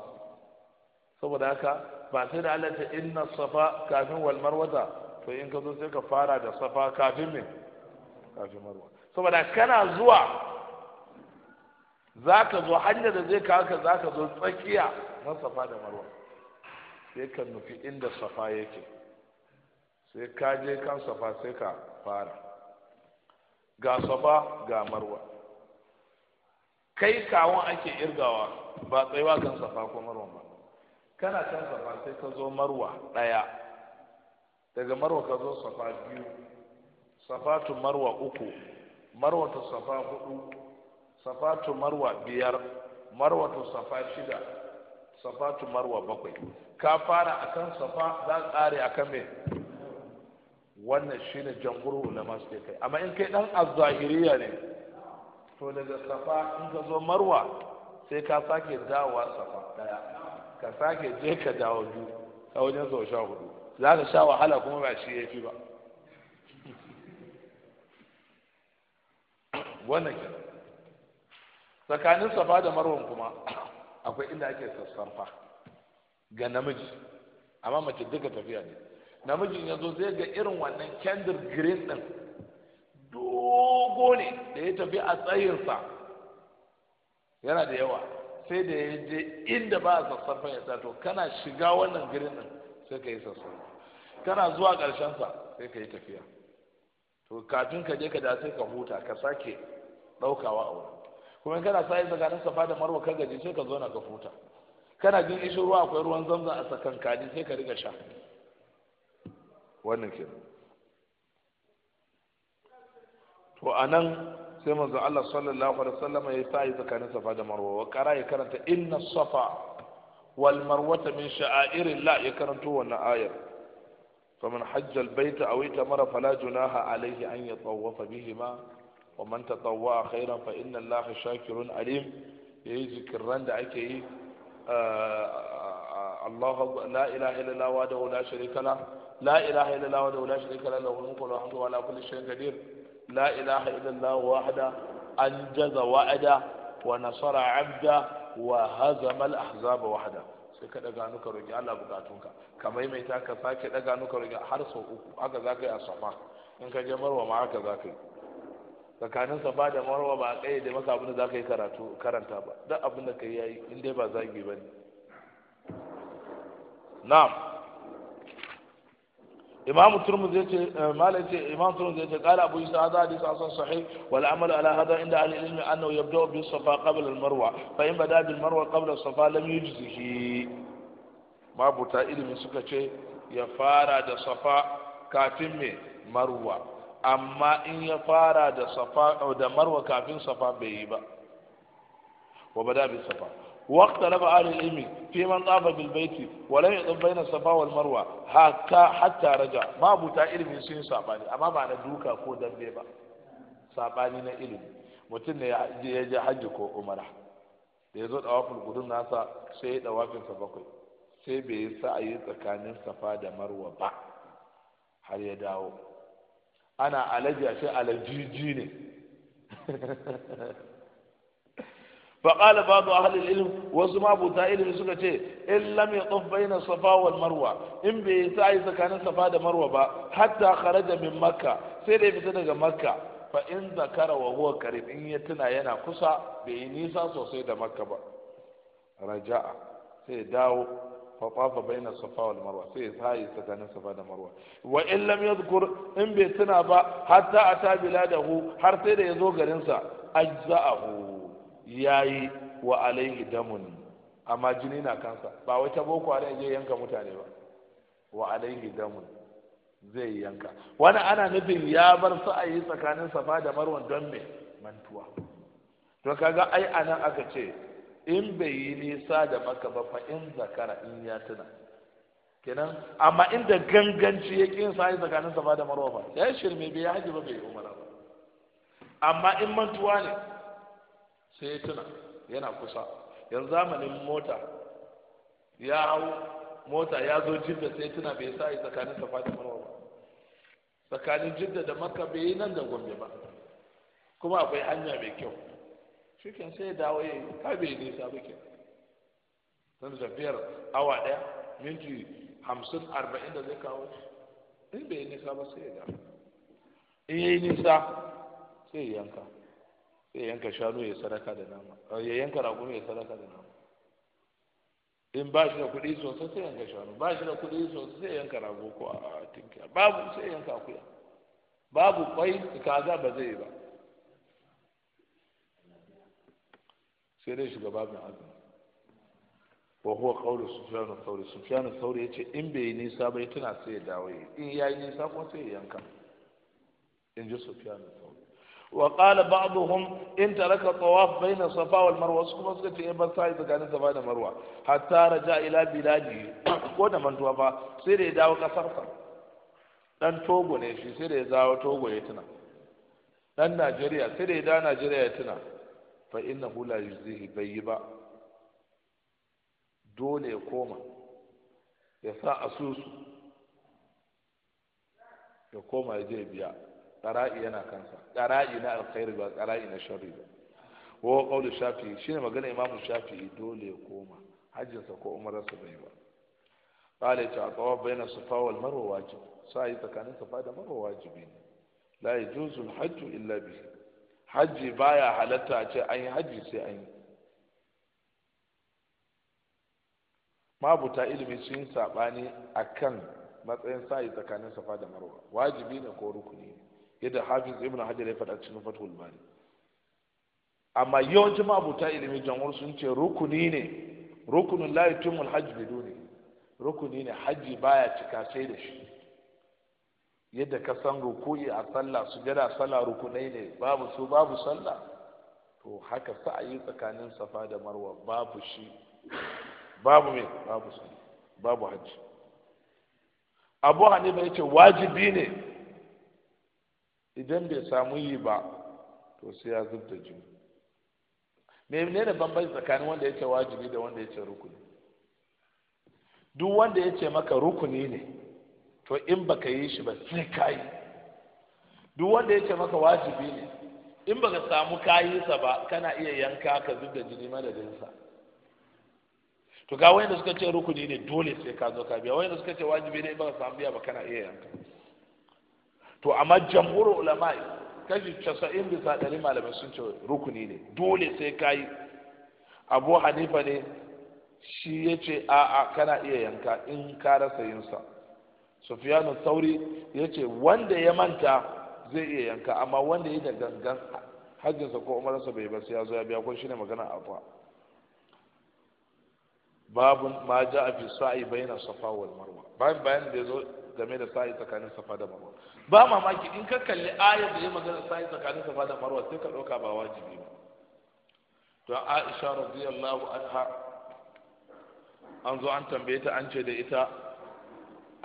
saboda haka ba sai da Allah ta inna safa kafin wal marwata to in ka zo sai ka fara da safa kafin me kafin marwa saboda kana zuwa za ka zo hanyar da zai kawo ka zaka zo tsakiya na safa da marwa sai ka nufi inda safa yake sai ka je kan safa sai ka fara ga safa ga marwa kai kawon ake irgawa ba tsaiwa kan safa ko marwa ba kana kan safa sai ka zo marwa ɗaya daga marwa ka zo safa biyu safatu marwa uku marwatu safa hudu safatu marwa biyar marwatu safa shida safatu marwa bakwai ka fara akan safa za ka kare a me wannan shine janguru ulama suke kai amma in kai dan azzahiriya ne to daga safa in ka zo marwa sai ka sake dawowa safa daya ka sake je ka dawo biyu ka wajen sau sha hudu za ka sha wahala kuma ba shi ya fi ba wannan ke tsakanin safa da marwan kuma <coughs> akwai inda ake sassarfa ga namiji amma mace duka tafiya ne namijin yanzu zai ga irin wannan kendir green din dogo ne da ya tafi a tsayinsa yana da yawa sai da ya je inda ba a sassafen ya sato kana shiga wannan girin nan sai ka yi sassafen kana zuwa ƙarshensa sai ka yi tafiya to kafin ka je ka da sai ka huta ka sake ɗaukawa a wurin kuma kana sa yin tsakanin safa da marwa ka gaji sai ka zo na ka huta kana jin ishin ruwa akwai ruwan zamzam a tsakankani sai ka riga sha wannan kenan to nan sai manzo Allah sallallahu alaihi wasallam ya sa'i tsakanin safa da marwa wa ya karanta inna safa wal marwata min sha'airillah ya karanto wannan ayar faman hajja al baita aw itamara fala junaha alayhi an yatawwafa bihima wa man tatawwa khairan fa inna allaha shakirun alim ake yi الله لا إله إلا الله وحده لا شريك له لا إله إلا الله وحده لا شريك له له الملك وله الحمد وعلى كل شيء قدير la ilaha illallah wahda an jaza wa'ada wa nasara abda wa hazama al-ahzab wahda sai ka daga nuka roki Allah bukatunka ka maimaita ka sake daga nuka roki har sau uku haka zaka yi a sama. in ka je marwa ma haka zaka yi tsakanin safa da marwa ba a kai da maka abin da zaka yi karatu karanta ba duk abin da kai yayi in dai ba zagi ba ne. na'am امام الترمذي آه، ما ليت امام الترمذي قال ابو يوسف هذا حديث صحيح والعمل على هذا عند اهل العلم انه يبدا بالصفا قبل المروه فان بدا بالمروه قبل الصفا لم يجزه ما بوتا علم سكتي يا فارا ده صفا كاتم مروه اما ان يا فارا ده صفا او ده مروه كافين صفا بيبا وبدا بالصفا واختلف اهل العلم في من طاف بالبيت ولا يطوف بين الصفا والمروه حتى حتى رجع ما ابو تا علم sun amma ba na duka ko dambe ba sabani na ilimi mutum ne ya je hajji ko umara da ya zo dawafin gudun nasa sai ya dawafin bakwai sai bai yi sa'ayi tsakanin safa da marwa ba har ya dawo ana alaji a shi alajiji ne فقال بعض أهل العلم وسمع بوتا علم سكة إن لم يطف بين الصفا والمروة إن بيسعي سكان الصفا دا مروة با حتى خرج من مكة سيدي فتنة مكة فإن ذكر وهو كريم إن يتنا ينا كسا بإنيسا سيدة مكة با رجاء سيداو فطاف بين الصفا والمروه sai sai tsakanin safa da marwa wa in lam yadhkur in bai tuna ba hatta ata biladahu har sai da yazo garin sa ajza'ahu yayi wa alaihi damun amma jini na kansa ba wai ta boko a je yanka mutane ba wa alaihi damun zai yanka wani ana nufin ya bar sa'ayi tsakanin safa da marwan don mai mantuwa to kaga ai anan aka ce in bai yi nisa da maka ba fa in zakara in ya tuna kenan amma inda ganganci ya ƙin sa'ayi tsakanin safa da marwa ba ya shirme bai ya haji ba bai umara ba amma in mantuwa ne sai ya tuna yana kusa yanzu zamanin mota ya hau mota ya zo jidda sai tuna bai sa yi tsakanin safa da marwa ba tsakanin jidda da makka bai yi nan da gombe ba kuma akwai hanya mai kyau shi kan sai dawo ya yi ka bai nisa ba ke don tafiyar awa ɗaya minti hamsin arba'in da zai kawo in bai nisa ba sai ya dawo in yi nisa sai yanka sai yanka shanu ya sadaka da nama ya yanka rago ya sadaka da nama in ba shi da kuɗi sosai sai yanka shanu ba shi da kuɗi sosai sai yanka rago ko a tinkiya babu sai yanka akuya babu kwai kaza ba zai yi ba sai dai shugaba mai azumi wa huwa qawlu sufyan al-thawri sufyan al-thawri yace in bai nisa ba tana sai ya dawo in yayi nisa kuma sai ya yanka in ji sufyan al-thawri وقال بعضهم إن ترك الطواف بين الصفا والمروة سكما سكت إبا سعيد كان الصفا والمروة حتى رجع إلى بلاده <coughs> كون من توفى سير يداو كسرسا dan togo ne shi sai da ya zawo togo ya tuna dan najeriya sai da ya dawo najeriya ya tuna fa inna hula yuzzihi bai yi ba dole ya koma ya sa asusu ya koma ya biya qara'i yana kansa qara'i na alkhairi ba qara'i na sharri ba wa qawlu shafi'i shine magana imamu shafi'i dole koma sa ko sa bai ba ta قال يتعطوا بين الصفا والمروه واجب ساي تكان الصفا ده مروه واجب لا يجوز illa bi به baya halatta a ce an yi haji sai an yi mabuta ilimi sun saɓani a kan matsayin sa'i tsakanin safa da marwa wajibi ne ko rukuni ne yadda hafiz ibn hajar ya faɗa cikin fathul bari amma yawancin ma'abuta ilimin jamhur sun ce rukuni ne rukunin la yutimul hajj biduni rukuni ne hajji baya cika sai da shi yadda ka san ruku'i a sallah su a sallah rukunai ne babu su babu sallah to haka sa'ayi tsakanin safa da marwa babu shi babu me babu sallah babu hajji abu hanifa ce wajibi ne idan bai samu yi ba to sai ya zub da jini me ne da bambanci tsakanin wanda yake wajibi da wanda yake rukuni duk wanda yake maka rukuni ne to in baka yi shi ba sai ka yi duk wanda yake maka wajibi ne in baka samu sa ba kana iya yanka ka zub da jini madadinsa to ga wanda suka ce rukuni ne dole sai ka zo ka biya wanda suka ce wajibi ne in baka samu biya ba kana iya yanka to amma jamhurul ulama kashi casa'in bisa ɗari malamai sun ce rukuni ne dole sai yi. abu hanifa ne shi ya ce a'a kana iya yanka in ka rasa yinsa sufiyanu sauri ya ce wanda ya manta zai iya yanka amma wanda ya da gangan hajjinsa ko umarsa bai ba sai ya zo ya biya ko shine magana abuwa babu ma ja a fi sa'i bayyana safa wal marwa bayan bayan da zo game da sa'i tsakanin safa da marwa ba mamaki in ka kalli ayar da ya magana sa'i tsakanin safa da marwa sai ka ɗauka ba wajibi ba to aisha radiyallahu anha an zo an tambaye ta an ce da ita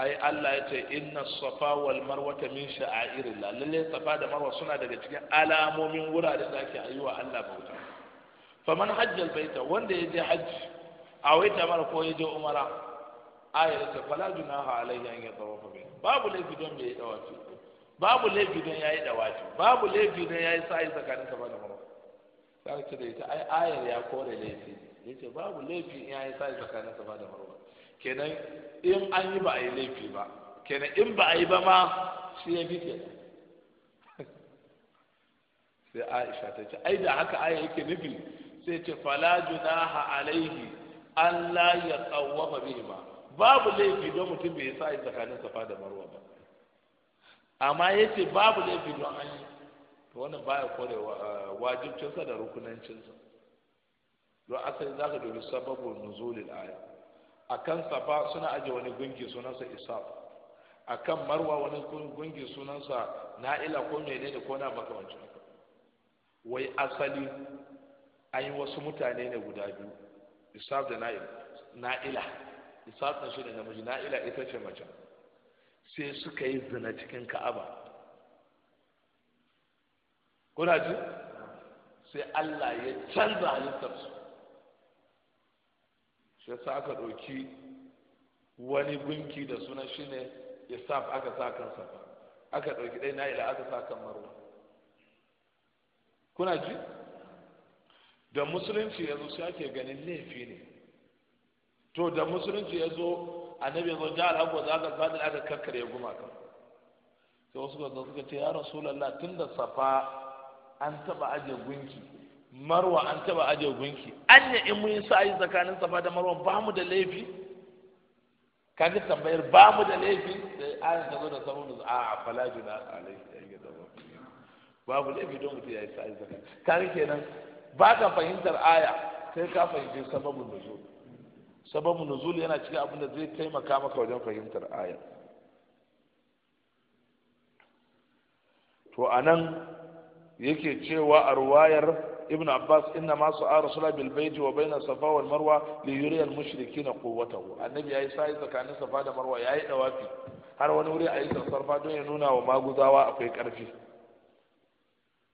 ai Allah ya ce inna safa wal marwa min sha'airillah lalle safa da marwa suna daga cikin alamomin wuraren da ake ayyuwa Allah bauta faman hajjal baita wanda ya je hajji a tamar ko ya je umara ayar ta fala junaha alayhi an yatawafa bi babu laifi don bai dawafi babu laifi don yayi dawafi babu laifi don yayi sa'i tsakanin sa da mura sai ce da ita ai ayar ya kore laifi yace babu laifi in yayi sa'i tsakanin sa da mura kenan in an yi ba a yi laifi ba kenan in ba a yi ba ma shi ya bi kenan <laughs> sai Aisha ta ce ai da haka aya yake nufi sai ce fala junaha alaihi Allah ya tsawwama bihi ma babu laifi don mutum bai sa tsakanin safa da marwa ba amma yace babu laifi don an yi to wannan baya kore eh, wajibcinsa da rukunancinsa don asali za ka dubi sababin nuzulil aya kan safa suna aje wani gungi sunansa isaf kan marwa wani gungi sunansa na'ila ko menene ko na makamancin wai asali an yi wasu mutane ne guda biyu isaf da na'ila isaf na shi ne namiji na'ila ita ce mace sai suka yi zina cikin ka'aba kuna ji sai Allah ya canza halittarsu shi sa aka ɗauki wani gunki da suna shi ne isaf aka sa kan safa aka ɗauki ɗai na'ila aka sa kan marwa kuna ji da musulunci ya zo sai ake ganin laifi ne to da musulunci ya zo annabi ya zo ja al'abu za ka zaɗi aka guma gumaka sai wasu ga suka ce ya rasulallah tun da safa an taɓa ajiye gunki marwa an taɓa ajiye gunki an yi in mun yi sa'ayi tsakanin safa da marwa ba mu da laifi Ka ji tambayar ba mu da laifi sai ayan ta zo da sabon da a'a fala da ba. babu laifi don mutum ya yi sa'ayi tsakanin kaga kenan ba ka fahimtar aya sai ka fahimci sababin nuzul sababin nuzul yana cikin abin da zai taimaka maka wajen fahimtar aya to anan yake cewa a ruwayar ibn abbas inna ma su rasula bil baiti wa baina safa wal marwa li yuriya al mushrikina quwwatahu annabi yayi sai tsakanin safa da marwa yayi dawafi har wani wuri ayi sarfa don ya nuna wa maguzawa akwai karfi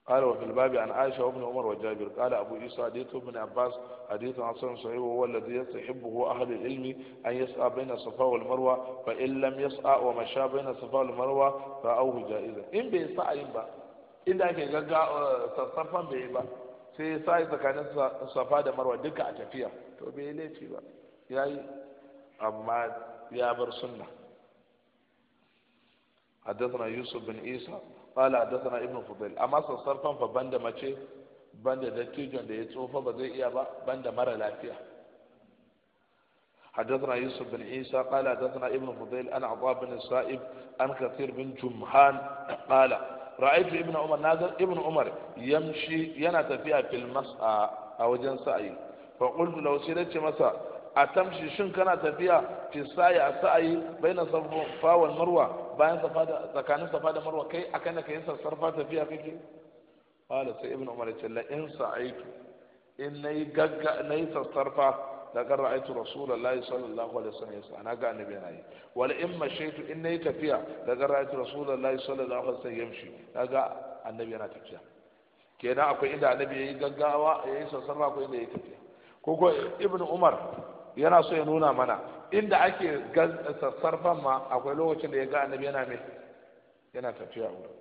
قال وفي الباب عن عائشة وابن عمر وجابر قال أبو عيسى حديث ابن عباس حديث عصر صحيح وهو الذي يستحبه أهل العلم أن يسعى بين الصفا والمروة فإن لم يسعى ومشى بين الصفا والمروة فأوه جائزة إن بيسعى إن إذا كان آه، صفا بيبا سي sai tsakanin safa da marwa duka a tafiya to bai laifi ba ya حدثنا يوسف بن عيسى qala hadathana ibnu fudayl amma sassarfan fa banda mace banda dattijon da ya tsofa ba zai iya ba banda mara lafiya حدثنا يوسف بن عيسى قال حدثنا ابن فضيل عن عطاء بن السائب عن كثير بن جمهان قال رأيت ابن عمر نازل ابن عمر يمشي ينات فيها في المسعى أو جنسعي فقلت لو سيرت مساء a tamshi shin kana tafiya fi saya a sa'ayi bayan safa wal marwa bayan tsakanin safa da marwa kai akan da kai sassarfa tafiya kake qala sai Ibn umar ya in sa'aitu in yi gagga nayi sarfa da kan ra'aitu rasulullahi sallallahu alaihi wasallam yasa ana ga annabi nayi wal in mashaitu in nayi tafiya da kan ra'aitu rasulullahi sallallahu alaihi wasallam yamshi daga annabi yana tafiya kenan akwai inda annabi yayi gaggawa yayi sarfa akwai inda yayi tafiya ko ko umar yana so ya nuna mana inda ake sassarfan ma akwai lokacin da ya ga annabi yana mai yana tafiya wurin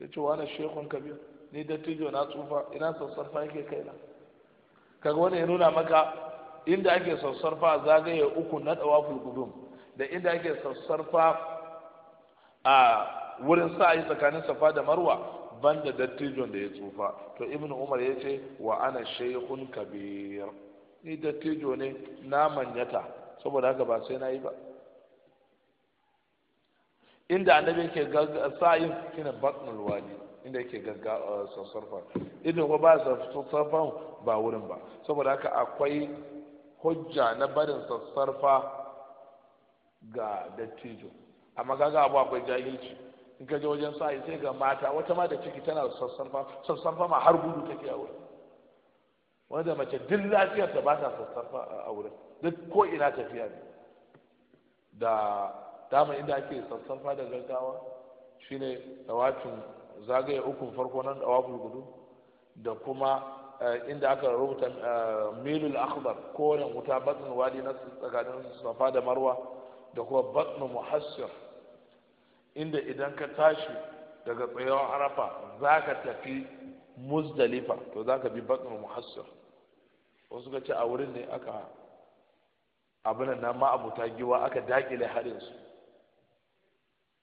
ya ce wani shekun kabir ni dattijo na tsufa ina sassarfa yake kaina kaga wani ya nuna maka inda ake sassarfa zagaye uku na dawa gudum da inda ake sassarfa a wurin sa yi tsakanin safa da marwa banda dattijon da ya tsufa to ibnu umar ya ce wa ana shekun kabir ni dattijo ne na manyata saboda haka ba sai na yi ba inda annabi yake sa'in kina batnul wali inda yake gagga eh, sassarfa idan ko ba sassarfa ba wurin ba saboda haka akwai hujja na barin sassarfa ga dattijo amma kaga abu akwai jahilci in ka je wajen sa'in sai ga mata wata ma da ciki tana sassarfa sassarfa ma har gudu take a wurin wanda mace duk lafiyar ta ba ta a aure duk ko ina tafiya ne da dama inda ake sassafa da gaggawa shine dawacin zagaye ukun farko nan dawaful gudu da kuma eh, inda aka rubuta eh, milul akhbar kowane wuta batsin wadi na tsakanin safa da marwa da kuma batsin muhassir inda idan ka tashi daga tsayawan arafa za ka tafi muzdalifa to za ka bi batsun muhassir wasu ka ce a wurin ne aka abin na ma'abuta giwa aka dakile harinsu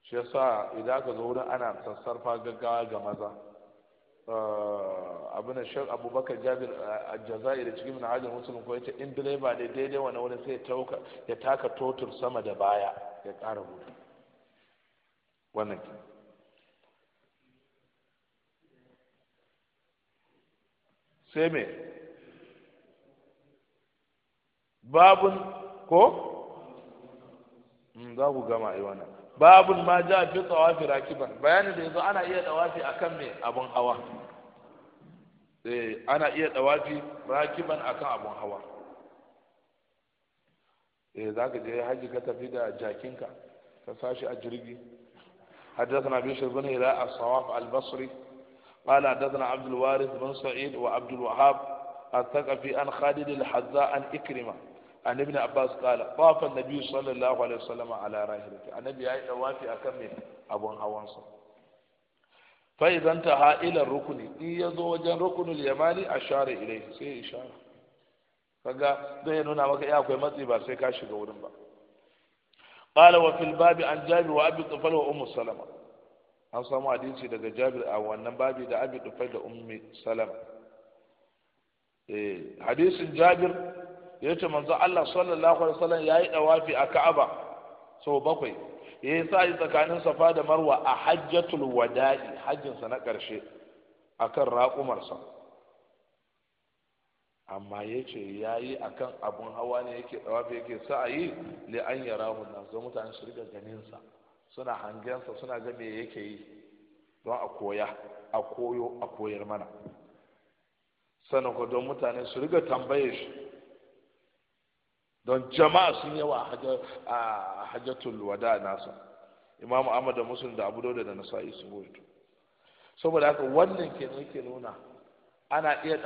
shi yasa idan aka zo wurin ana sassarfa gaggawa ga maza eh, abin shek abubakar jabir eh, a jazairi cikin min hajjin musulun ko yace in direba ne daidai wani wurin sai ya taka totur sama da baya ya ƙara gudu wannan kenan sai me babun ko mm, za ku gama a yi wannan babun ma ja fi tsawafi rakiban bayani da yanzu ana iya tsawafi akan me abun hawa eh, ana iya tsawafi rakiban akan abun hawa eh za ka je haji ka tafi da jakinka ka sashi a jirgi حدثنا بشر بن هلال al-basri قال حدثنا عبد الوارث بن سعيد وعبد الوهاب الثقفي عن خالد الحذاء عن إكرمة عن ابن عباس قال طاف النبي صلى الله عليه وسلم على راحلته النبي أي وافي أكمل أبو هوانصر فإذا انتهى إلى الركن إن يزو وجن ركن اليماني أشار إليه سي إشارة فقال don ya nuna يا ya akwai matsi ba sai ka shiga wurin ba qala wa fil babi an samu hadisi daga jabir a wannan babi da abi dufai da ummi salama eh, hadisin jabir ya ce manzo Allah sallallahu alaihi wasallam yayi dawafi a Ka'aba sau bakwai yayi sa'i tsakanin Safa da Marwa a Hajjatul Wada'i hajjin sa na karshe akan raƙumar sa amma yace yayi kan abin hawa ne yake dawafi yake sa'ayi li an yarahu zo mutane su riga ganin sa suna hangensa suna ga yake yi don a koya a koyo a koyar mana sannan ko don mutane su riga tambaye shi don jama'a sun yawa a hajjatul wada nasa imamu ahmad da musulun da abu da da nasa'i sun goyito saboda haka wannan ke yake nuna ana iya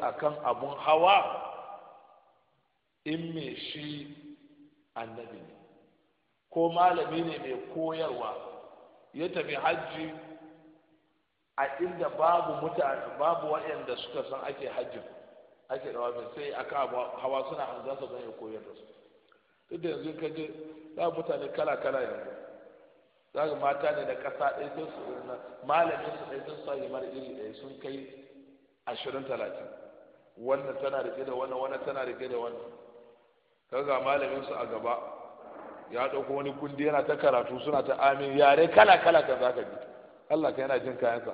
a kan abun hawa in me shi annabi ne ko malami ne mai koyarwa ya tafi hajji a inda babu mutane babu waɗanda suka san ake hajjin ake da wafin sai aka hawa suna hanzarsa don ya koyar da su duk da yanzu kaje za mutane kala kala yanzu za ka mata ne da ƙasa ɗaya sai su malamin su ɗaya sun sanya mara iri ɗaya sun kai ashirin talatin wannan tana rike da wannan wannan tana rike da wannan kaga malamin su a gaba ya ɗauko wani kundi yana ta karatu suna ta amin yare kala kala za zaka ji Allah ka yana jin kayansa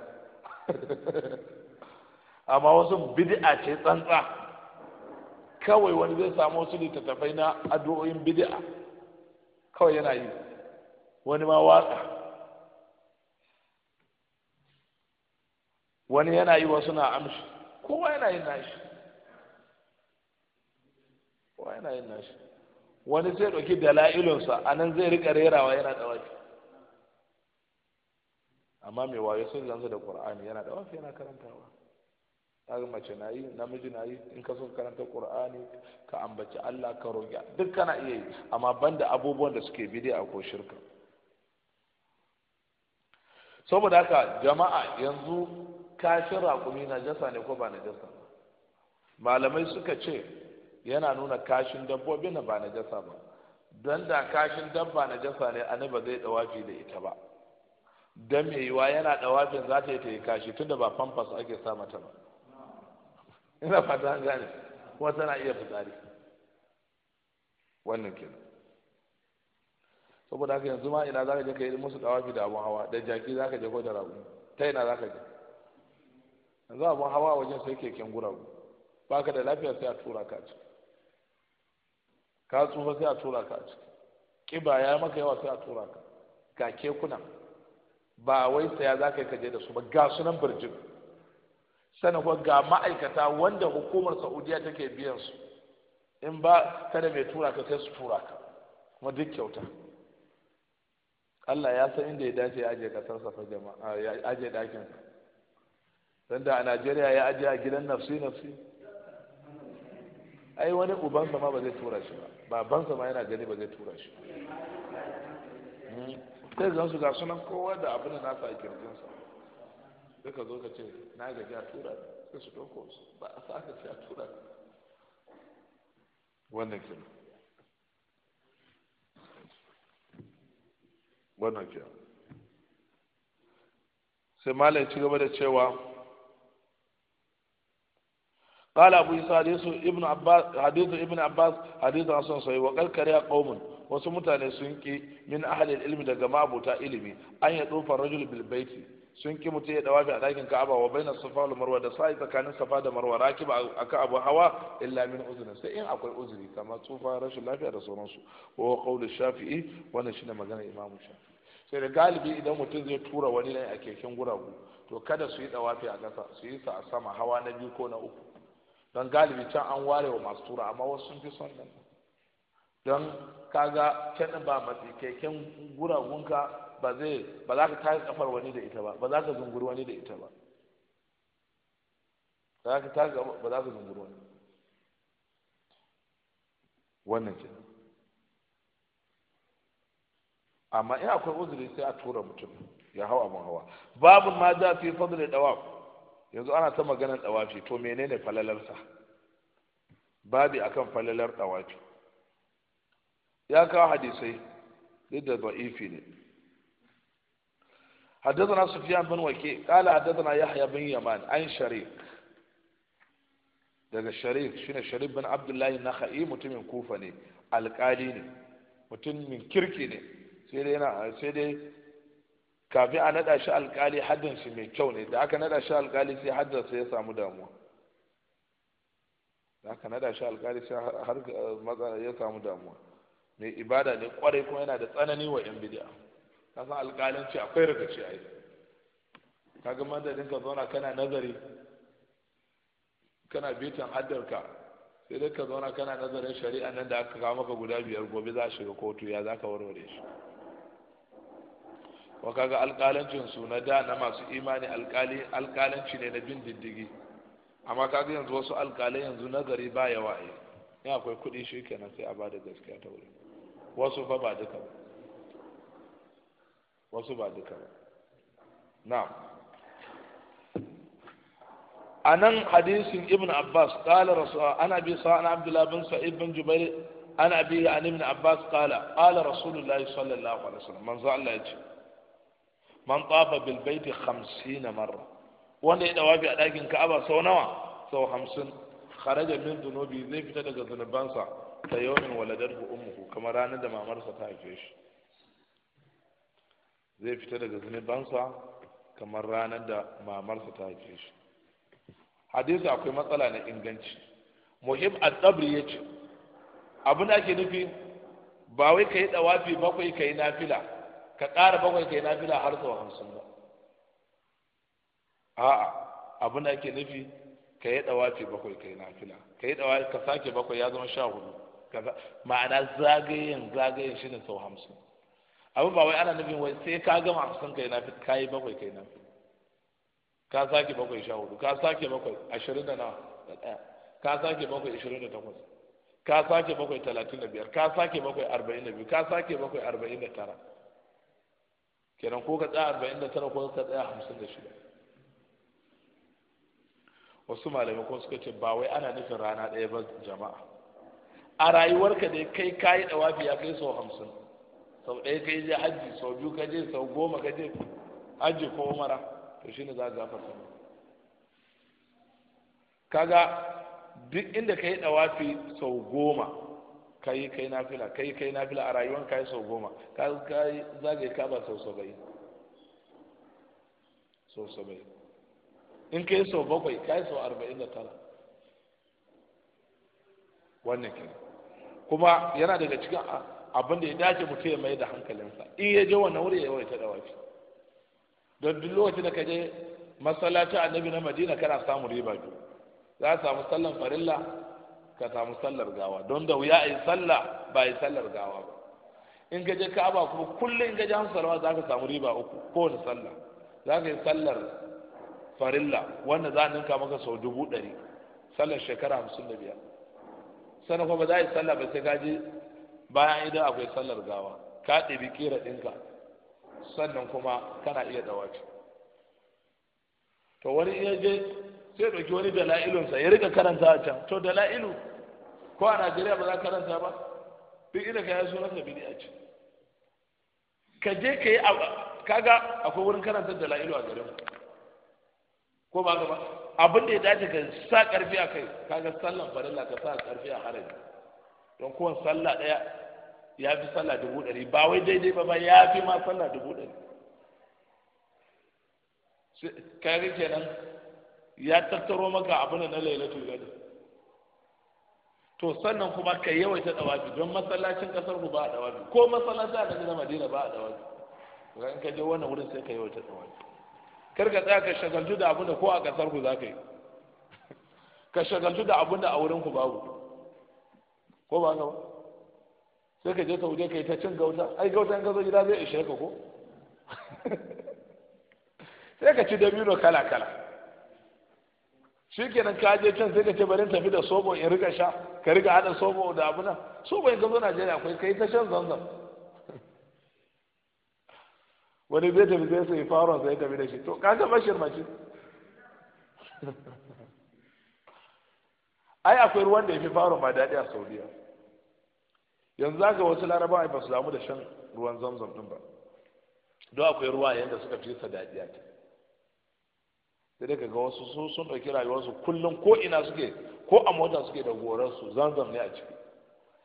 <laughs> amma wasu bid'a ce tsantsa kawai wani zai samu wasu littattafai na addu'o'in bid'a kawai yana yi wani ma waka wani yana yi wasu na amshi kowa yana yin nashi kowa yana yin nashi wani sai ɗauki dala'ilinsa a nan zai riƙa rerawa yana da wafi amma mai wayo sun zanzu da ƙur'ani yana da wafi yana karantawa ga mace na yi namiji na yi in ka sun karanta ƙur'ani ka ambaci Allah ka roƙi duk kana iya yi amma banda abubuwan da suke a ko shirka saboda haka jama'a yanzu kashin raƙumi na jasa ne ko ba na jasa malamai suka ce yana nuna kashin dabbobi na ba najasa ba don da kashin dabba jasa ne a ba zai dawafi da ita ba don mai yiwa yana dawafin za ta yi ta yi kashi tunda ba famfas ake sa mata ba ina fata an gane kuma tana iya fitsari wannan kenan saboda haka yanzu ma ina za ka je ka yi musu dawafi da abun hawa da jaki za ka je ko da ragu ta ina za ka je yanzu abun hawa wajen sai keken guragu ba ka da lafiya sai a tura ka ciki ka tsufa sai a tura ka a ciki kiba ya maka yawa sai a tura ka ga kekuna ba wai saya za ka yi kaje da su ba ga sunan birjin sannan kuma ga ma'aikata wanda hukumar saudiya take biyan su in ba kada mai tura ka sai su tura ka kuma duk kyauta Allah ya san inda ya dace ya ajiye kasarsa fa jama'a ya ajiye dakin sa Sanda a Najeriya ya ajiye a gidan nafsi nafsi ai wani ubansa ma ba zai tura shi ba babansa ma yana gani ba zai tura shi hmm. sai zan su ga sunan kowa da abin da nasa a kirjinsa sai ka zo ka ce na ga a tura sai su ɗauko ba a sa ka ce a tura wannan ke wannan ke sai malai ci gaba da cewa kala أبو يسوع حديث ابن عباس حديث ابن عباس حديث حسن صحيح وقال كره wasu mutane sun ki min ahalil ilmi daga mabuta ilimi an ya tsofa rajul bil baiti sun ki mutum ya dawafi a dakin ka'aba wa baina safa marwa da sa'i tsakanin safa da marwa rakib aka abu hawa illa min uzuri sai in akwai uzuri kamar tsufa rashin lafiya da sauransu wa qawlu shafi'i wannan shine magana imamu shafi'i sai da galibi idan mutum zai tura wani ne a keken guragu to kada su yi dawafi a kasa su yi sa a sama hawa na biyu ko na uku don galibi can an ware wa masu tura amma wasu sun fi son nan don kaga kyanin ba matsi keken guragunka ba zai ba za ka tashi kafar wani da ita ba ba za ka zunguri wani da ita ba ba za ka tashi ba za ka zunguri wani wannan ce amma in akwai uzuri sai a tura mutum ya hau abin hawa babu ma za fi fadl da yanzu ana ta maganar tsawafi to menene falalarsa babi akan falalar tsawafi ya kawo hadisai duk da da'ifi ne حدثنا bin بن وكيع قال حدثنا يحيى بن يمان عن شريك daga sharif shine sharif bin abdullahi na ha'i mutumin kufa ne alƙali ne mutumin kirki ne sai dai kafin a naɗa shi alƙali haddin shi mai kyau ne da aka naɗa shi alƙali sai haddarsa ya samu damuwa da aka naɗa shi alƙali sai har ya samu damuwa mai ibada ne kwarai kuma yana da tsanani wa yan bidiya ka san ce akwai rikici a ai ka ga madadin ka zauna kana nazari kana bitan ka sai dai ka zauna kana nazarin shari'a nan da aka kawo maka guda biyar gobe za a shiga kotu ya za ka warware shi wa kaga alƙalancin su na da na masu imani alƙalanci ne na bin diddigi amma kaga yanzu wasu alƙalai yanzu nagari ba ya waye eh. in akwai kuɗi shi kenan sai a ba da gaskiya ta wuri wasu fa ba duka ba wasu ba duka ba na'am a nan hadisin ibn abbas qala rasul ana bi sa'an abdullah bin sa'id bin jubair ana bi an ibn abbas qala qala rasulullahi sallallahu alaihi wasallam manzo Allah ya ce man tafa bil baiti 50 marra wanda ya dawafi a dakin ka'aba sau nawa sau 50 kharaja min dunubi zai fita daga zunubansa ta yawmin waladatu ummuhu kamar ranar da mamarsa ta haife shi zai fita daga zunubansa kamar ranar da mamarsa ta haife shi hadisi akwai matsala na inganci muhim al-tsabri ya ce abin da ake nufi ba wai ka yi dawafi bakwai ka yi nafila ka ƙara bakwai kai nafila har zuwa hamsin ba a'a abin da ake nufi ka yi dawafi bakwai kai nafila ka yi dawafi ka sake bakwai ya zama sha hudu ma'ana zagayen zagayen ne sau hamsin abin ba wai ana nufin wai sai ka gama hamsin kai nafi ka yi bakwai kai nafi ka sake bakwai sha hudu ka sake bakwai ashirin da nawa da ɗaya ka sake bakwai ashirin da takwas ka sake bakwai talatin da biyar ka sake bakwai arba'in da biyu ka sake bakwai arba'in da tara kenan ko ka tsaya arba'in da tara ko ka tsaya hamsin da shida wasu malamai ko suka ce ba wai ana nufin rana ɗaya ba jama'a a rayuwarka dai kai ka yi ɗawafi ya kai sau hamsin sau ɗaya kai je hajji sau biyu ka je sau goma ka je hajji ko umara to shine za ka gafarta kaga duk inda ka yi ɗawafi sau goma kai kai nafila kai kai nafila a rayuwar kai sau goma ka kai zagaye ka ba sau sabai. sau sabai in kai sau bakwai kai sau arba'in da tara wannan ke kuma yana daga cikin abin da ya dace mutum ya mai da hankalinsa in ya je wannan wuri ya yawai ta wafi don duk lokacin da ka je masallacin annabi na madina kana samun riba biyu za a samu sallan farilla ka samu sallar gawa don da wuya a yi sallah ba a yi sallar gawa ba in ka je ka'aba kuma kullum in ka je hamsa za ka samu riba uku wani sallah za ka yi sallar farilla wanda za a ninka maka sau dubu ɗari sallar shekara hamsin da biyar sannan kuma ba za a yi sallah ba sai ka je bayan idan akwai sallar gawa ka ɗebi kera ɗinka sannan kuma kana iya dawaci to wani iya je sai ɗauki wani dala'ilunsa ya rika karanta a can to dala'ilu ko a najeriya ba za karanta ba duk inda ka yi sunansa a ce ka je ka yi kaga akwai wurin karanta dala'ilu a garin ko ba gaba abin da ya dace ka sa karfi a kai kaga sallan farilla ka sa karfi a haraji don kuma sallah ɗaya ya fi sallah dubu ɗari ba wai daidai ba ba ya fi ma sallah dubu ɗari kaga kenan ya tattaro maka abin na lailatul qadr to sannan kuma ka yawaita dawabi don masallacin kasar ku ba a dawabi ko masallacin a na madina ba a dawafi in ka je wannan wurin sai ka yawaita dawabi kar ka tsaya ka shagaltu da abin da ko a kasar ku za ka yi ka shagaltu da abin da a wurin ku babu ko ba ka ba sai ka je sauje ka yi ta cin gauta ai gauta in ka zo gida zai ishe ka ko <laughs> sai ka ci dabino kala kala shi kenan ka je can sai ka ce bari tafi da sobo in rika sha ka rika hada sobo da abu nan sobo in gazo najeriya akwai kai ta shan zanzan <laughs> wani zai tafi sai sai faron sai tafi da shi to ga bashir mace <laughs> ai akwai ruwan da ya fi faron ba daɗi a saudiya yanzu za ga wasu larabawa ba su damu da shan ruwan zamzam din ba don akwai ruwa yadda suka fi sa daɗi a sai dai ga wasu su sun ɗauki rayuwarsu kullum ko ina suke ko a mota suke da gorarsu zanzan ne a ciki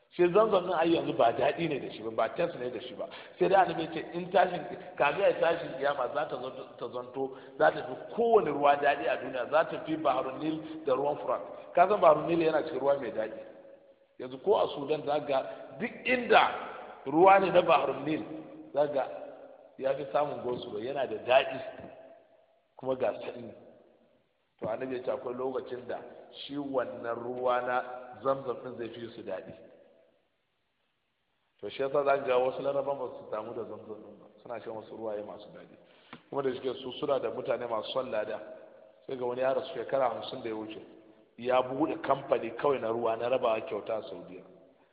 shi zanzan nan ayi yanzu ba daɗi ne da shi ba ba tens ne da shi ba sai dai annabi ce in tashin kafin ya tashin kiyama za ta ta zanto za ta fi kowane ruwa daɗi a duniya za ta fi baharun nil da ruwan furat ka san baharun nil yana cikin ruwa mai daɗi yanzu ko a sudan za ga duk inda ruwa ne na baharun nil za ga ya fi samun gosulo yana da daɗi kuma ga sani to annabi ya ce akwai lokacin da shi wannan ruwa na zamzam din zai fi su daɗi to shi yasa za ga wasu laraba ba su damu da zamzam din ba suna shan wasu ruwaye masu daɗi kuma da suke su suna da mutane masu son lada sai ga wani yaro shekara hamsin da ya wuce ya buɗe kamfani kawai na ruwa na rabawa kyauta a saudiya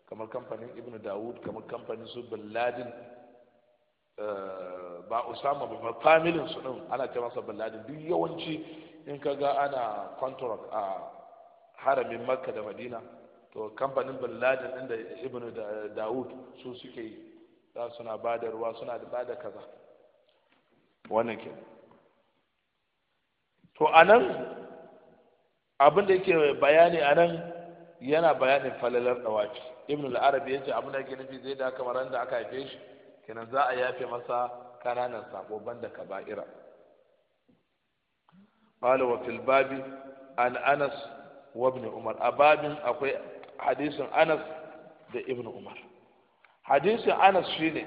kamar kamfanin ibn dawud kamar kamfanin su bin ladin eh, ba usama ba familin su din ana ce masa bin ladin duk yawanci in ka ga ana kwantarok a haramin makka da madina to kamfanin bin laden ibn dawud su suke yi za suna ba da ruwa suna ba da kaza wannan ke to a nan abin yake bayani a nan yana bayanin falalar dawaki ibn al-arabi yace abin da yake nufi zai da kamar da aka haife shi kenan za a yafe masa kananan sabo da kaba'ira قال وفي الباب عن أنس وابن عمر أباب أقوي حديث أنس ده ابن عمر حديث أنس شيني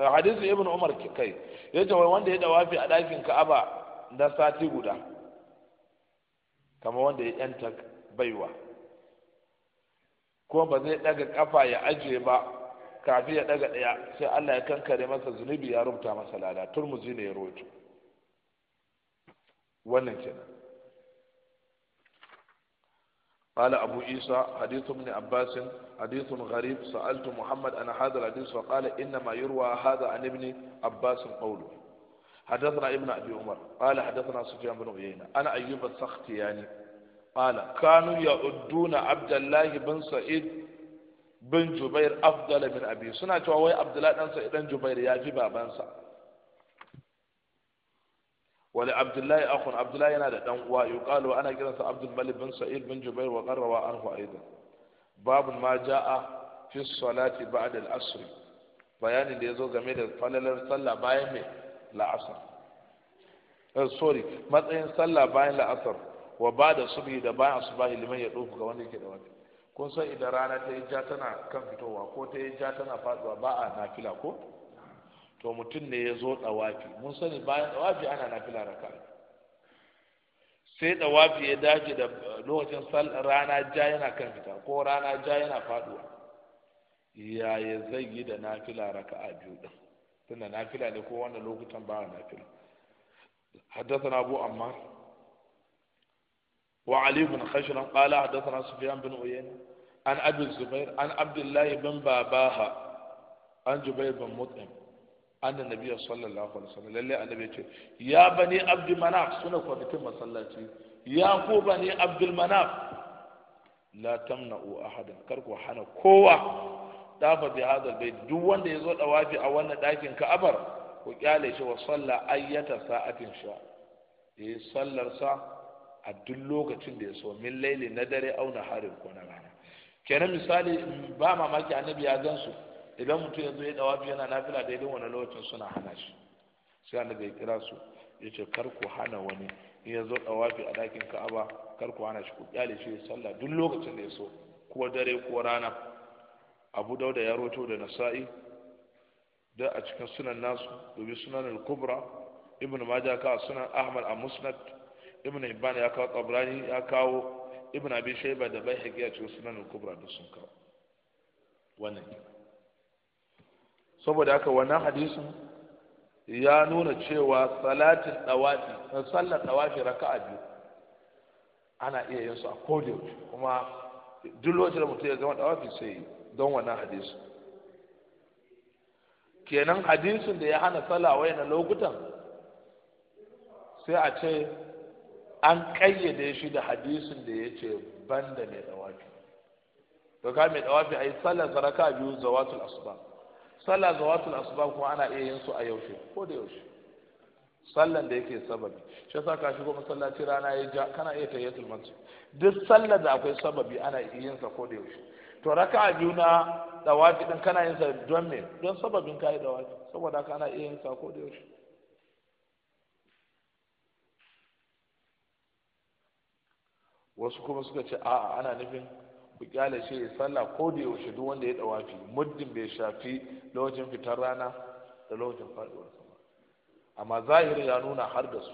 حديث ابن عمر كي يجي wanda ya dawafi a ɗakin Ka'aba na sati guda kamar wanda ya yanta baiwa ko ba zai daga kafa ya ajiye ba kafin ya daga ɗaya sai Allah ya kankare masa zunubi ya rubuta masa lada turmuzi ne ya roto wannan kenan قال أبو عيسى حديث ابن عباس حديث غريب سألت محمد أنا هذا الحديث فقال إنما يروى هذا عن ابن عباس قوله حدثنا ابن أبي عمر قال حدثنا سفيان بن عيينة أنا أيوب السختياني قال كانوا يؤدون عبد الله بن سعيد بن جبير أفضل من أبي سنة وي عبد الله بن سعيد بن جبير يا جبا بن سعيد Wani abdullahi Akun abdullahi yana da dan uwa yuqalu ana kiransa abdul malik bin sa'id bin jubair wa qarrawa anhu aidan babu ma jaa fi salati ba'da al-asr bayanin da yazo game da falalar sallah bayan me la'asar eh, sorry matsayin sallah bayan la'asar wa ba'da subhi da bayan subahi liman ya dofu ga wanda yake da wani kun san idan rana ta yi ja tana kan fitowa ko ta yi ja tana faduwa ba a nafila ko to mutum ne ya zo dawafi mun sani bayan dawafi ana nafila raka sai dawafi ya dace da lokacin rana ja yana kan fita ko rana ja yana faduwa yaya zai yi da nafila a biyu din tunda nafila ne ko wannan lokutan ba nafila حدثنا أبو عمار وعلي بن خشرم قال حدثنا سفيان بن عيينة عن أبي الزبير عن عبد الله بن باباها عن جبير بن مطعم annan nabiya sallallahu alaihi wasallam lalle annabi ce ya bani abdul manaf suna kwamitin masallaci ya ku bani abdul manaf la tamna'u ahadan kar ku hana kowa dafa bi hadal bai duk wanda yazo dawafi a wannan dakin ka'abar ku kyale shi wa salla ayyata sa'atin sha eh sallar sa a duk lokacin da ya so min laili na dare auna harin ko na rana kenan misali ba mamaki annabi ya gansu idan mutum ya zo ya dawafi yana nafila daidai wani lokacin suna hana shi sai annabi ya kira su ya ce kar ku hana wani in ya zo dawafi a dakin ka'aba kar ku hana shi ku kyale shi sallah duk lokacin da ya so ko dare ko rana abu dauda ya roto da nasa'i da a cikin sunan nasu domin sunan al-kubra Ibnu majah ka sunan ahmad a musnad Ibnu ibban ya kawo qabrani ya kawo Ibnu abi shayba da bai a cikin sunan al-kubra da sun kawo wannan kenan saboda haka wannan hadisin ya nuna cewa salatin dawafi sallar dawafi raka'a biyu ana iya yin su a koda kuma duk lokacin da mutum ya gama dawafi sai yi don wannan hadisin kenan hadisin da ya hana sallah na lokutan sai a ce an kayyade shi da hadisin da ya ce banda mai dawafi to ka mai dawafi ai sallar raka'a biyu zawatul asbab sallah zawatul asbab kuma ana iya yin su a yaushe ko da yaushe sallan da yake sababi shi yasa ka shigo masallaci rana ya ja kana iya tayyatul masjid duk sallar da akwai sababi ana iya yin sa ko da yaushe to raka'a biyu na dawafi din kana yin sa don me don sababin kai dawafi saboda haka ana iya yin sa ko da yaushe wasu kuma suka ce a'a ana nufin ku kyale shi ya sallah ko da yaushe duk wanda ya dawafi muddin bai shafi lokacin fitar rana da lokacin faduwar sama amma zahiri ya nuna har da su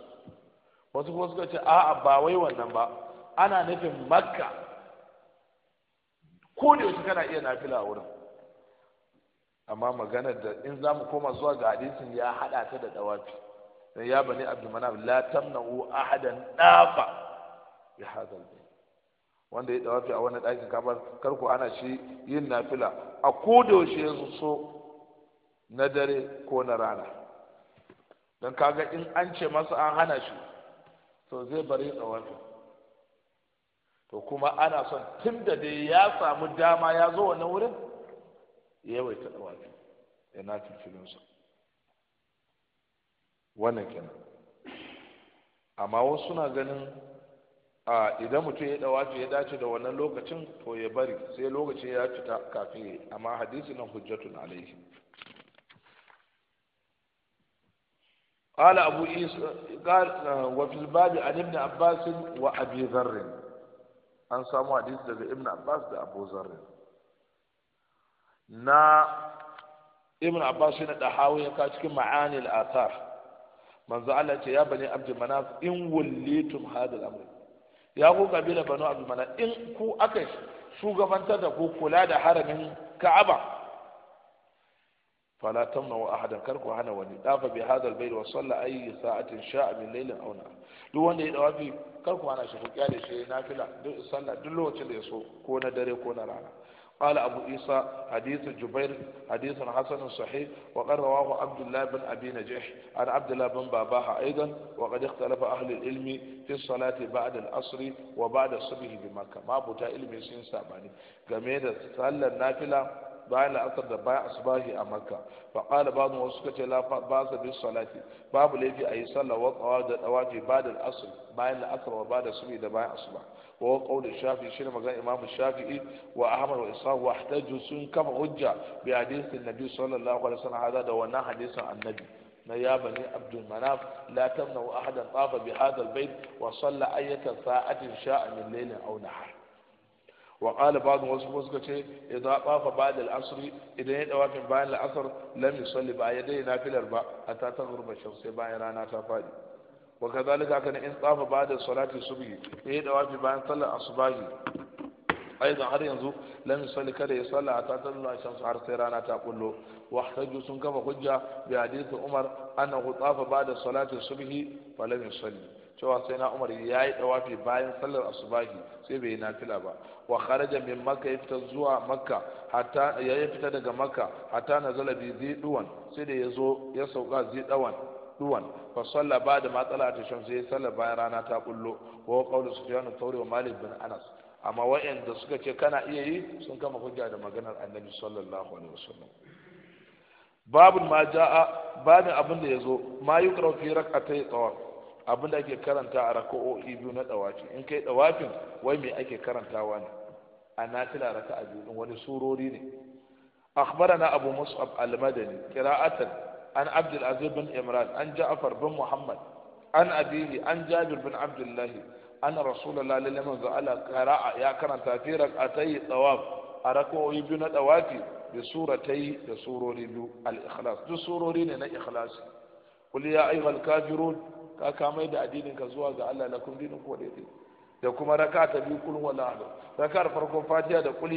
wasu kuma suka ce a'a ba wai wannan ba ana nufin makka ko da yaushe kana iya nafila a wurin amma maganar da in za mu koma zuwa ga hadisin ya hada ta da dawafi dan ya bani abdulmanaf la tamna'u ahadan dafa bi hadal bayt wanda ya dawafi a wani ɗakin kamar karku ana shi yin nafila a kodayaushe ya so na dare ko na rana don kaga in an ce masa an hana shi to zai bari tsawafi to kuma ana son tun da dai ya samu dama ya zo wannan wurin ya yi ta tsawafi ya na filinsa wannan kenan amma wasu na ganin a idan mutum ya dawafi ya dace da wannan lokacin to ya bari sai lokacin ya fita kafin ya amma hadisi nan hujjatun alaihi قال أبو عيسى قال وفي الباب عن ابن عباس وأبي ذر أن سامو حديث ده ابن عباس ده أبو ذر نا ابن عباس ne da hawo ya ka cikin ma'ani al-athar manzo Allah ce ya bani abd manaf in wallitum hadal amr ya ku kabila banu abdulmana in ku aka shugabantar da ku kula da haramin ka'aba fala wa ahadan kar ku hana wani dafa bi hadal bayt wa salla ayi sa'atin sha'a min laylin aw nahar duk wanda ya dawafi kar ku hana shi ku kyale shi nafila duk sallah duk lokacin da ya so ko na dare ko na rana قال أبو عيسى حديث جبير حديث حسن صحيح وقد رواه عبد الله بن أبي نجح عن عبد الله بن باباها أيضا وقد اختلف أهل العلم في الصلاة بعد العصر وبعد الصبح بمكة ما بوتا علم سين ساباني جميل صلى النافلة bayan la'asar da bayan asbahi a makka fa qala ba'du wasu suka ce la ba sa bi salati babu laifi ayi sallah wa qawa da dawafi ba'da al-asr bayan la'asar wa ba'da subhi da bayan asbahi وهو قول الشافعي شنو مغان امام الشافعي واحمد وإصحاب واحتجوا سن كم حجه بحديث النبي صلى الله عليه وسلم هذا ده حديث حديث النبي يا بني عبد المناف لا تمنعوا احدا طاف بهذا البيت وصلى اية ساعة شاء من ليل او نهار وقال بعض وسوسكة إذا طاف بعد العصر إذا يدعو بعد العصر لم يصلي بعد يديه نافلة أربع حتى تغرب الشمس بأي رانا تفادي wa kadhalika kana in tsafa ba'da salati subhi yayi dawafi bayan sallar asubahi aidan har yanzu lam yusalli kada ya salla ta talla shamsu har sai rana ta kullo wa hajju sun kafa hujja bi hadith umar annahu tsafa ba'da salati subhi fa lam yusalli cewa sai na umar ya yi dawafi bayan sallar asubahi sai bai yi nafila ba wa kharaja min makka ya fita zuwa makka hatta ya fita daga makka hatta nazala bi ziduwan sai da ya zo ya sauka zidawan duwan fa salla ba da matsala ta shamsu ya salla bayan rana ta bullo wa qawlu sufyan thawri wa malik bin anas amma wa'anda suka ce kana iya yi sun kama hujja da maganar annabi sallallahu alaihi wasallam babun ma ja'a babin abin da yazo ma yukra fi rakatai tawaf abin da ake karanta a raka'o'i biyu na dawafi in kai dawafin wai me ake karantawa ne a natila raka'a biyu wani surori ne أخبرنا أبو مصعب المدني قراءة an abdul aziz bin imran an ja'afar bin muhammad an abihi an jabir bin abdullah anna rasulullahi sallallahu alaihi wasallam qara'a ya karanta fi rak'atay tawaf a rak'o'i biyu na tawafi bi suratai da surori al-ikhlas duk surori ne na ikhlas qul ya ayyuhal kafirun ka kamai da zuwa ga Allah da kuma raka ta biyu kul huwa ahad raka farkon fatiha da qul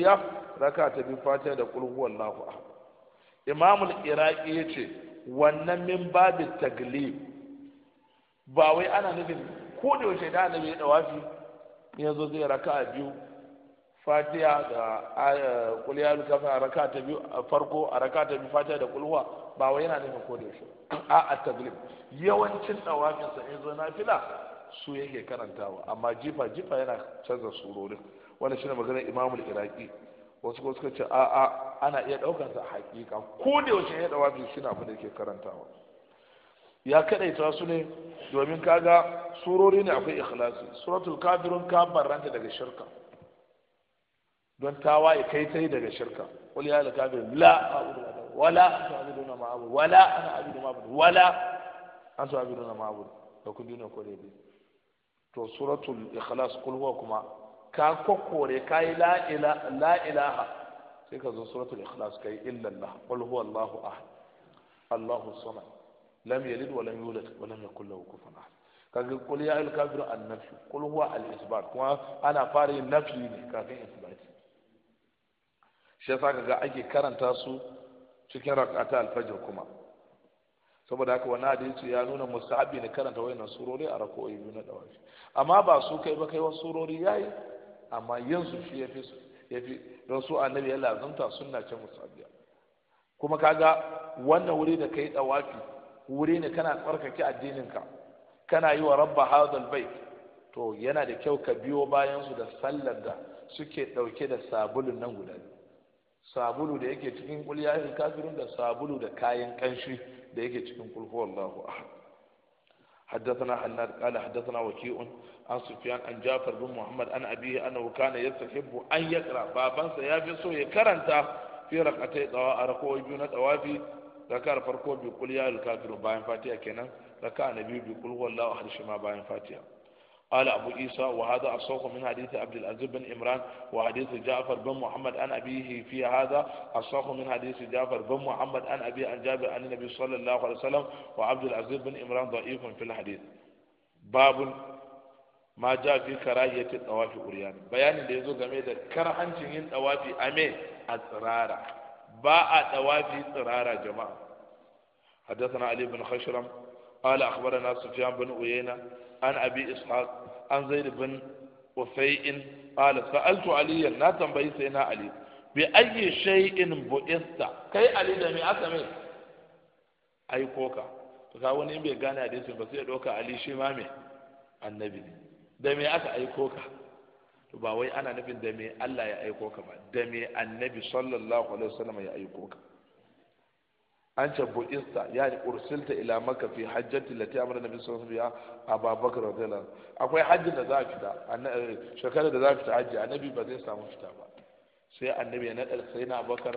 raka ta biyu fatiha da kul huwa ahad imam yace wannan min babu taglib ba wai ana nufin ko da yaushe da annabi ya dawafi eh, ya zo zai raka'a biyu Fatiya da kul ya luka a raka ta biyu a farko a raka ta biyu fatiya da kulwa ba wai yana nufin ko da yaushe <coughs> a a taglib yawancin dawafin sa in zo nafila su yake karantawa amma jifa jifa yana canza surorin wannan shine maganar imamul iraki wasu ko suka ce a a ana iya ɗaukar a hakika ko da yaushe ya dawa shi na abin da yake karantawa ya kadaita su ne domin kaga surori ne akwai ikhlasi suratul kafirun ka barranta daga shirka don tawa ya kai tai daga shirka qul ya la kafir la a'budu wala a'budu ma a'budu wala ana a'budu ma a'budu wala antu a'budu ma a'budu da kun dina kore bi to suratul ikhlas qul huwa kuma ka kokkore kai la ilaha la ilaha sai ka zo suratul ikhlas kai illa Allah qul huwa Allahu ahad Allahu samad lam yalid wa lam yulad wa lam yakul lahu kufuwan ahad kaga qul ya al kafir an nafsi qul huwa al-isbat kuma ana fara yin nafyi ne kafin isbat shi yasa kaga ake karanta su cikin rak'ata al-fajr kuma saboda haka wannan hadisi ya nuna musahabi ne karanta wayan surori a rako'i biyu na dawafi amma ba su kai ba kai wasu surori yayi amma yanzu shi yafi yafi don su annabi ya zanta sunna ce musabbiya kuma kaga wannan wuri da kai dawafi wuri ne kana tsarkake addininka kana yi wa rabba hadal bait to yana da kyau ka biyo bayan su da sallar da suke dauke da sabulun nan guda sabulu da yake cikin kul da sabulu da kayan kanshi da yake cikin kulhu wallahu ahad حدثنا حناد قال حدثنا وكيء عن سفيان عن جعفر بن محمد عن أبيه أنه كان يستحب أن يقرأ بابا سيافي سوء كرنتا في ركعتي ركوع بيون توافي ركع فركوع بيقول يا الكافر باين فاتحة كنا ركع نبي بيقول هو الله أحد شما باين فاتحة قال أبو عيسى وهذا الصوغ من حديث عبد العزيز بن إمران وحديث جعفر بن محمد عن أبيه في هذا الصوغ من حديث جعفر بن محمد عن أبي عن جابر عن النبي صلى الله عليه وسلم وعبد العزيز بن إمران ضعيف في الحديث باب ما جاء في كراهية الطواف أريان بيان اللي يزو كرهان كرهنشين طواف أمي أترارا باء طواف أترارا جماعة حدثنا علي بن خشرم قال أخبرنا سفيان بن عيينة an abi ishaq an زيد بن وفيء قال سألت aliya na tambayi sai na بأي شيء ayyi كي علي kai أتمي da me فقالوني me aiko ka to wani in bai gane أتا ba sai ba wai ana nufin da me Allah ya aiko ka ba da me annabi sallallahu alaihi wasallam ya aiko ka an ce bu'ista yi ursilta ila maka fi hajjati lati amara nabi sallallahu alaihi wasallam Babakar radiyallahu akwai hajjin da za a fita eh, shekarar da za a fita hajji annabi ba zai samu fita ba sai annabi ya naɗa sai na abakar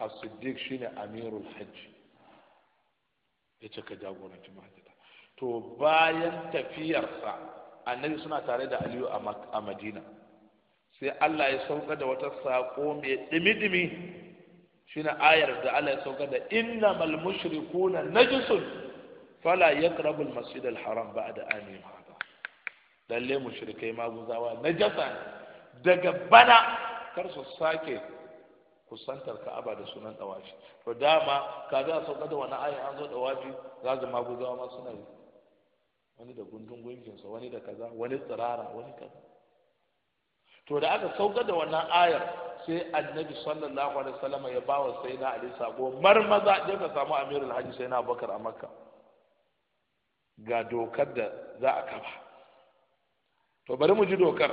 as-siddiq shine amirul hajji ya ce ka jagoranci mahajjata to bayan tafiyarsa annabi suna tare da aliyu a madina sai allah ya sauka da wata saƙo mai ɗimi-ɗimi shine ayar da Allah ya sauka da innamal mushrikuna najisun fala yaqrabul masjidal haram ba'da amin hada lalle mushrikai maguzawa najasa daga bana kar su sake kusantar ka'aba da sunan dawafi to dama ka za sauka da wani ayi an zo dawafi za su maguzawa ma suna wani da gundun gunkinsa wani da kaza wani tsirara wani kaza to da aka saukar da wannan ayar sai annabi sallallahu alaihi wasallam ya ba wa na ali sako marmaza da ka samu amirul hajji sai na abubakar a makka ga dokar da za a kafa to bari mu ji dokar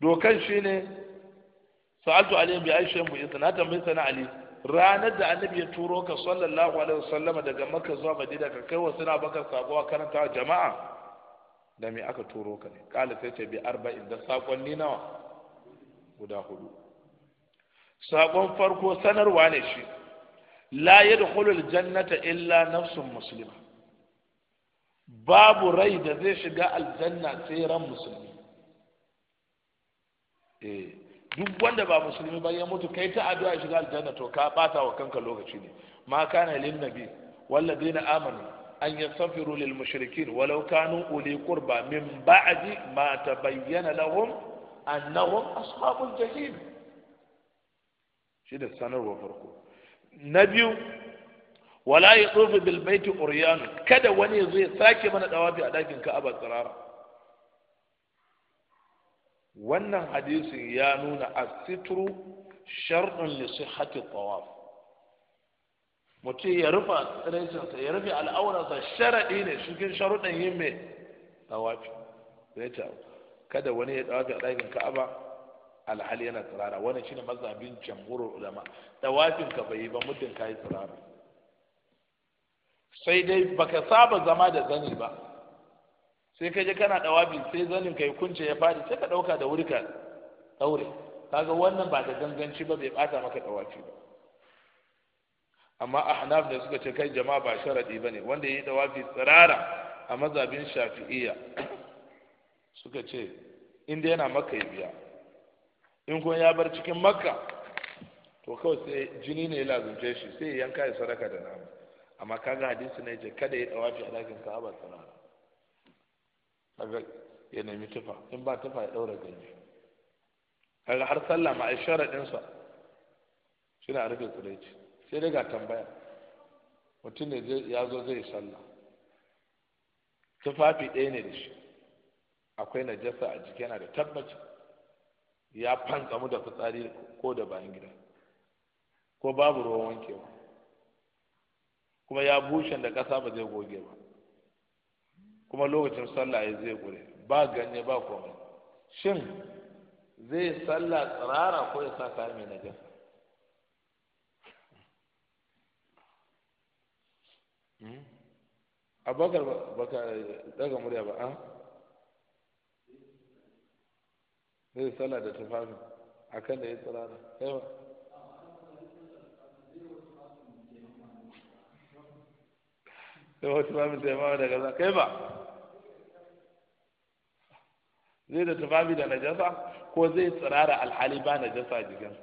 dokar shine sa'altu alayhi bi aisha bu isna tambayi sana ali ranar da annabi ya turo ka sallallahu alaihi wasallam daga makka zuwa madina ka kai wa suna bakar sako karanta jama'a da me aka turo ka ne kala sai ce bi arba'in da sakonni nawa guda hudu sakon farko sanarwa ne shi la yadkhulu aljannata illa nafsun muslima babu rai da zai shiga aljanna sai ran musulmi eh duk wanda ba musulmi ba ya mutu kai ta addu'a shiga aljanna to ka bata wa kanka lokaci ne ma kana lin nabi walladina amanu أن يستغفروا للمشركين ولو كانوا أولي قربى من بعد ما تبين لهم أنهم أصحاب الجحيم شدة السنة وفرقه نبي ولا يطوف بالبيت أريان كذا وني زي ساكي من الأوابي لكن كأبا قرارا wannan hadisin ya nuna الستر shar'un li sihhati tawaf mutum ya rufe tsiraicinsa ya rufe al'aurarsa sharaɗi ne cikin sharuɗin yin mai tawafi zai ta kada wani ya tawafi a ɗakin ka'aba alhali yana tsirara wani shine mazhabin jamhurin ulama tawafin ka bai yi ba muddin ka yi tsirara sai dai baka saba zama da zani ba sai ka je kana tawafi sai zanin ka yi kunce ya faɗi sai ka ɗauka da wuri ka ɗaure kaga wannan ba da ganganci ba bai ɓata maka tawafi ba amma ahnaf da suka ce kai jama'a ba sharadi bane wanda yayi dawafi tsirara a mazabin shafi'iyya suka ce inda yana makka ya biya in kuma ya bar cikin makka to kawai sai jini ne ya lazumce shi sai ya yanka ya sadaka da nama amma kaga hadisi ne ce kada ya dawafi a dakin ka'aba tsirara kaga ya nemi tufa in ba tufa ya daura ganye kaga har sallah ma ai sharadin sa shi na rufe tsiraici sai dai ga tambaya mutum ne ya zo zai sallah tufafi ɗaya ne da shi akwai najasa a jiki yana da tabbaci ya fantsamu da fitsari ko da bayan gida ko babu ruwan wankewa kuma ya bushe da ƙasa ba zai goge ba kuma lokacin sallah ya zai gure ba ganye ba komai shin zai sallah tsirara ko ya sa kayan mai najasa Hmm? abubakar ba ka daga murya ba a ah? zai sallah da tufafi a kan da ya tsirara da yawa kai ba tufafin da ya mawa daga za kai ba zai da tufafi da najasa ko zai tsirara alhali ba najasa jikin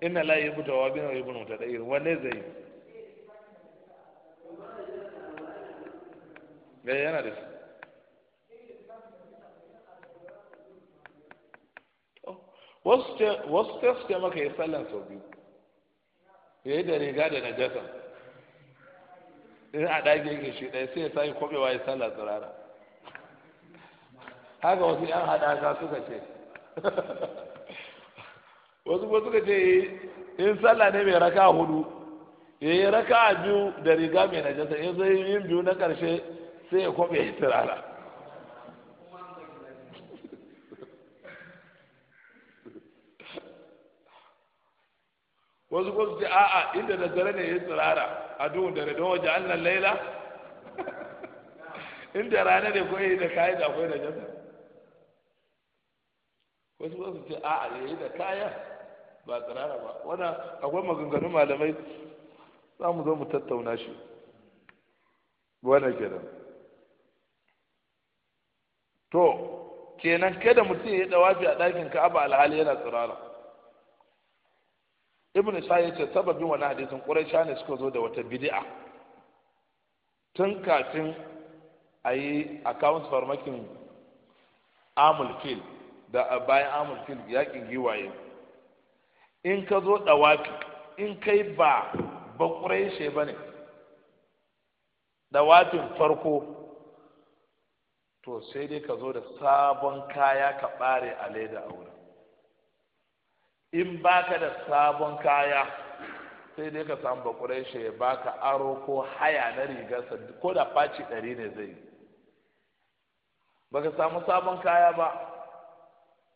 inna la yi buta bin wa yi bin wata da irin wanne zai yi me eh, yana da shi wasu ta suke maka yi sallan sau biyu ya yi da riga da najasa in a ɗage yake shi ɗaya sai ya sake kwaɓewa ya sallah tsirara haka wasu yan haɗaka suka ce <laughs> wasu ko suka ce eh, in sallah ne mai raka hudu ya yi raka biyu da riga mai najasa in zai yin biyu na ƙarshe sai ya kwabe ya turara wasu ko su ce a'a inda da dare ne ya turara a duhun dare don waje annan laila inda rana ne ko yi da kayan da akwai da jasa wasu ko su ce a'a ya yi da kayan ba turara ba wani akwai maganganun malamai za mu zo mu tattauna shi wannan kenan to kenan kada mutum ya dawafi a ɗakin ka'aba alhali yana tsirara ibn isa ya ce sababin wani hadisin ƙuraisha ne suka zo da wata bid'a tun kafin a yi akawun farmakin amul fil da bayan amul fil yakin giwaye in ka zo dawafi in kai ba ba ƙuraishe ba ne dawafin farko to sai dai ka zo da sabon kaya ka bare a leda a wurin in baka da sabon kaya sai dai ka samu bakurai shi ya baka aro ko haya na rigarsa ko da faci ɗari ne zai yi baka samu sabon kaya ba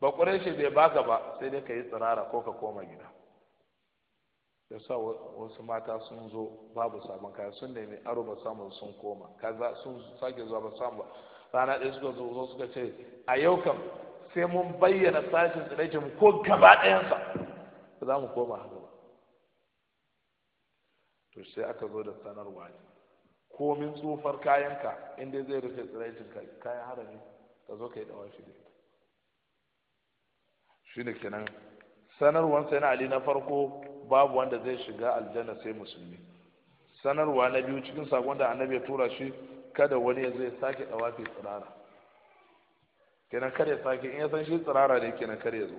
bakurai shi bai baka ba sai dai ka yi tsirara ko ka koma gida da sa wasu mata sun zo babu sabon kaya sun nemi aro ba samu sun koma kaza sun sake zuwa ba samu ba rana ɗaya suka zo zo suka ce a yau kam sai mun bayyana sashen tsiraitin ko gaba ɗayansa ba za mu koma haka ba to sai aka zo da sanarwa ne komin tsufar kayanka inda zai rufe tsiraicin ka kayan harami ka zo ka yi ɗawa shi ne shi ne kenan sanarwar sai na ali na farko babu wanda zai shiga aljanna sai musulmi sanarwa na biyu cikin sakon da annabi ya tura shi kada wani ya zai sake dawafi tsirara kenan kare sake in ya san shi tsirara ne kenan kare zo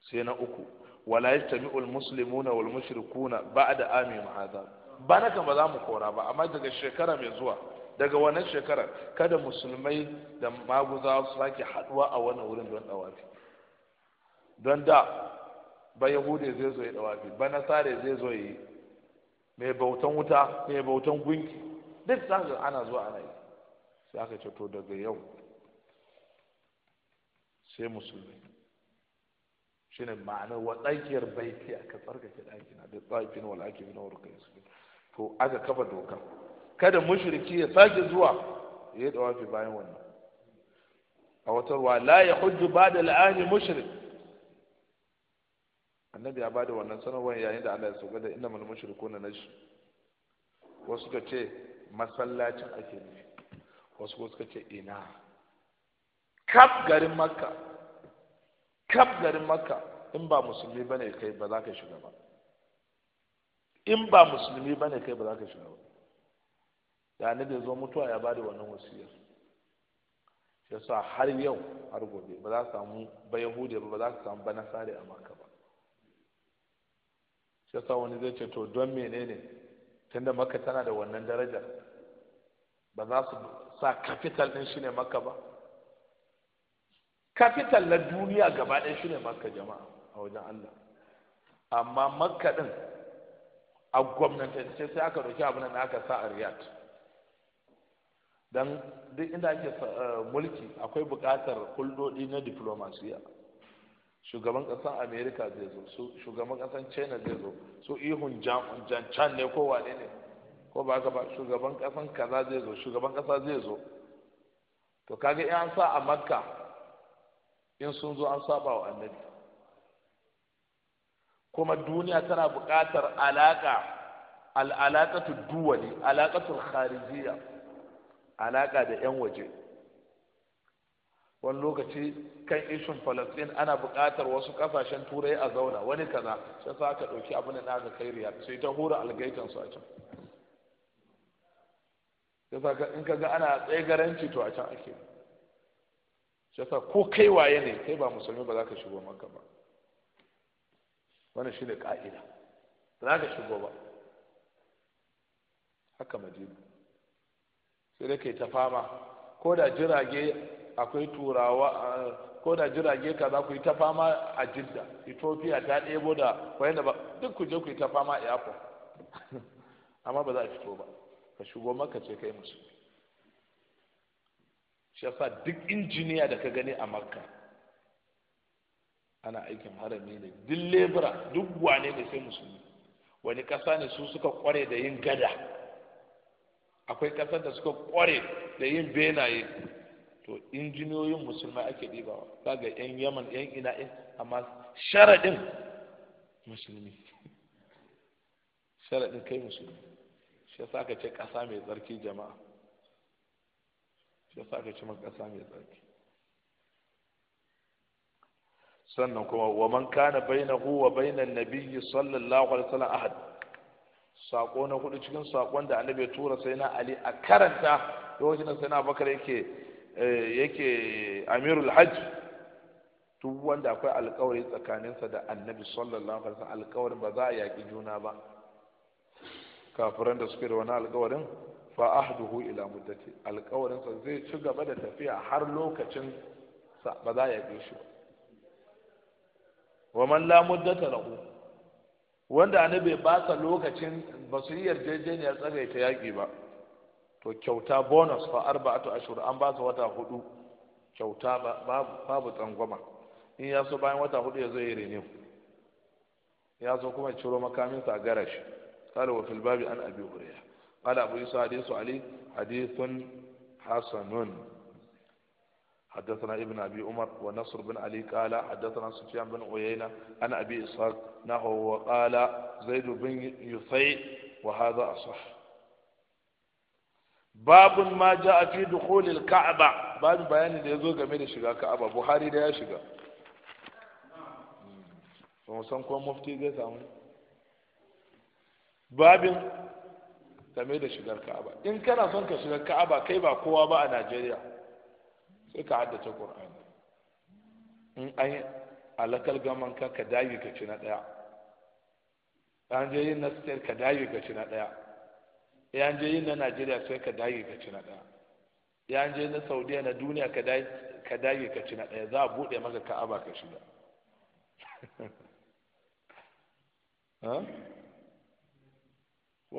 sai na uku wala yajtami'ul muslimuna wal mushrikuna ba'da amin hadha ba na kan ba za mu kora ba amma daga shekara mai zuwa daga wannan shekara kada musulmai da maguza su sake haduwa a wannan wurin don dawafi don da ba yahude zai zo ya dawafi ba nasare zai zo yi mai bautan wuta mai bautan gunki duk za ka ana zuwa ana yi sai aka ce to daga yau sai musulmi ne ma'anar wa tsakiyar baiti ka tsarkake ɗakina da ake bi na wa rukai su to aka kafa doka kada mushriki ya sake zuwa ya yi fi bayan wannan a wata ruwa la ya hujju ba da la'ani mushrik annabi ya bada wannan sanarwar yayin da Allah ya sauka da innamal mushrikuna nashi wasu ka ce masallacin ake nufi wasu wasu ce ina kaf garin makka kaf garin makka in ba musulmi ba ne kai ba za ka shiga ba in ba musulmi ba ne kai ba za ka shiga ba da ni da zo mutuwa ya ba da wannan wasiyar ya sa har yau har gobe ba za su samu ba yahudiya ba ba za su samu ba nasare a maka ba ya sa wani zai ce to don menene tunda makka tana da wannan darajar ba za su sa capital din shine makka ba capital na duniya gaba ɗaya shine makka jama'a a wajen Allah amma makka ɗin a gwamnatance sai aka ɗauki abin da aka sa a riyad Don duk inda ake eh, mulki akwai buƙatar hulɗoɗi na diplomasiya shugaban kasan america zai zo shugaban kasan china zai zo su ihun jan can ne ko wane ne ko ba ka ba shugaban kasan kaza zai zo shugaban ƙasa zai zo to kaga in an sa a makka in sun zo an saba wa annabi kuma duniya tana buƙatar alaƙa al'alaƙatu duwali alaƙatu kharijiyya alaƙa da 'yan waje wani lokaci kan ishin falastin ana buƙatar wasu ƙasashen turai a zauna wani kaza sai sa ka ɗauki abin da aka kai riyad sai ta hura algaitan su a can yasa in ka ga ana tsegaranci to a can ake yasa ko kai waye ne kai ba musulmi ba za ka shigo maka ba shi shine ƙa'ida ba za ka shigo ba haka madina sai da kai ta fama ko da jirage akwai turawa ko da jirage ka za ku yi ta fama a jidda ethiopia ta ɗebo da da ba duk ku je ku yi ta fama a yafa <laughs> amma ba za a fito ba ka shigo maka ce kai musu shi yasa duk injiniya da ka gani a makka ana aikin harami ne duk lebura duk wane ne sai musulmi wani ƙasa ne su suka kware da yin gada akwai kasar da suka kware da yin benaye to injiniyoyin musulmai ake ɗibawa kaga yan yaman yan ina ƴan amma sharaɗin musulmi sharaɗin kai musulmi shi yasa aka ce ƙasa mai tsarki jama'a shi yasa aka ce man ƙasa mai tsarki sannan kuma wa man kana hu wa baina nabiyyi sallallahu alaihi wasallam ahad sako na hudu cikin sakon da annabi ya tura sai na ali a karanta lokacin da sai na bakar yake Eh, yake amirul hajj duk wanda akwai alkawari tsakaninsa da annabi sallallahu alaihi wasallam alkawarin ba za a yaƙi juna ba kafiran da suke da wani alkawarin fa ahduhu ila muddati alkawarin sa zai ci gaba da tafiya har lokacin sa ba za a yaƙi shi wa man la muddata lahu wanda annabi ba sa lokacin ba su yi yarjejeniyar tsagaita yaƙi ba to kyauta bonus fa arba'atu ashhur an ba su wata hudu kyauta ba babu tsangwama in ya so bayan wata hudu ya zo ya renew ya zo kuma ciro makamin sa garash qala wa fil babi an abi hurayra qala abu isa hadithu ali hadithun hasanun حدثنا ابن ابي عمر ونصر بن علي قال حدثنا سفيان بن عيينه عن ابي اسحاق نحو وقال زيد بن يثي وهذا اصح babun ma ja a fi dukhulil ka'aba babu bayanin da ya zo game da shiga ka'aba buhari da ya shiga hmm. san ko mufti zai samu babin game da shigar ka'aba in kana son ka shiga ka'aba kai ba kowa ba a najeriya sai ka haddace qur'ani in an yi alakal gaman ka ka dage ka ci na ɗaya. an je yin ka dage ka ci na daya ya je yin na najeriya sai ka dage ka ci na ɗaya ya je na saudiya na duniya ka dage ka ci na ɗaya za a buɗe maka ka'aba ka shiga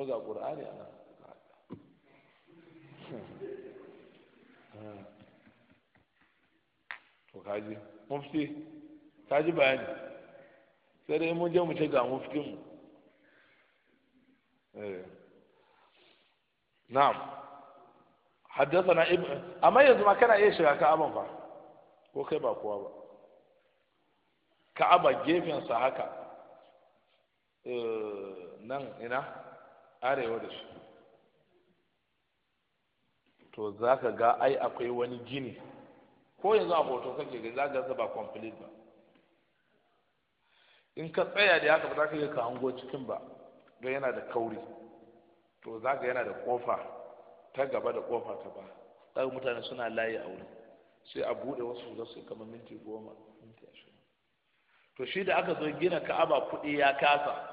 <laughs> ko ga ƙur'ani ana <laughs> to kaji mufti kaji bayani sai dai mun je mu ce ga muftinmu eh نعم حدثنا ابن amma yanzu ma kana iya shiga ka'aban fa ko kai ba kowa ba ka'aba gefen haka eh, nan ina arewa da shi to ka ga ai akwai wani gini ko yanzu a hoto kake ga zaka ga ba complete ba in ka tsaya da haka ba za ka iya ka hango cikin ba don yana da kauri to za ka yana da kofa ta gaba da kofa ta ba za mutane suna layi a wuri, sai a buɗe wasu za su kama minti goma minti ashirin to shi da aka zo gina ka'aba kuɗi ya kasa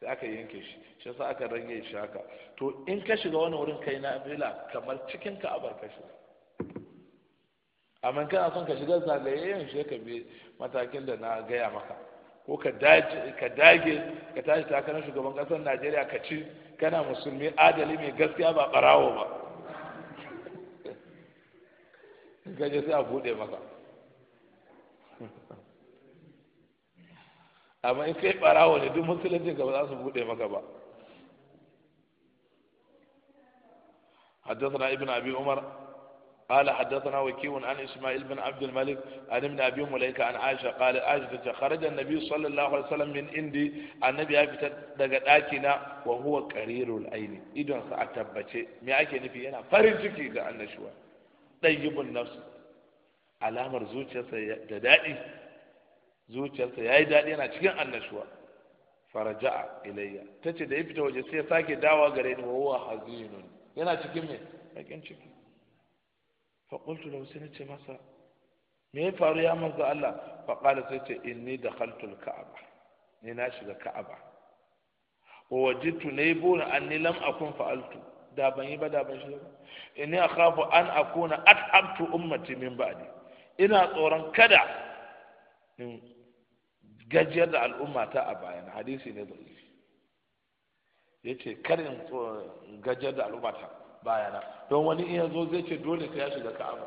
sai aka yanke shi shi yasa aka rage shi haka to in ka shiga wani wurin kai na fila kamar cikin ka'abar ka shiga amma kana son ka shiga zagayayyen shi ka bi matakin da na gaya maka ko ka dage ka tashi takarar shugaban ƙasar najeriya ka ci kana musulmi adali mai gaskiya ba barawo ba gaje sai a bude maka amma in kai barawo ne duk musulunci ga ba za su bude maka ba حدثنا ابن ابي عمر قال حدثنا وكيع عن اسماعيل بن عبد الملك عن ابن ابي مليكه عن عائشه قال عائشه خرج النبي صلى الله عليه وسلم من عندي النبي ya fita daga dakina wa huwa aini idan sa a tabbace me ake nufi yana farin ciki ga annashuwa alamar zuciyarsa da daɗi zuciyarsa yayi daɗi yana cikin annashuwa faraja'a ilayya tace da ya fita waje sai ya sake dawa gare ni wa huwa hazinun yana cikin me bakin ciki fa qultu lahu sai nace masa me ya faru ya manzo Allah fa qala sai ce inni dakhaltu al-ka'aba ni na shiga ka'aba wa wajidtu naybuna anni lam akun fa'altu da ban yi ba da ban shiga an akuna at'abtu ummati min ina tsoron kada in gajiyar da al'ummata a bayan hadisi ne da yace kar in gajiyar da al'ummata na don wani iya zo zai ce dole ka ya shiga ka'aba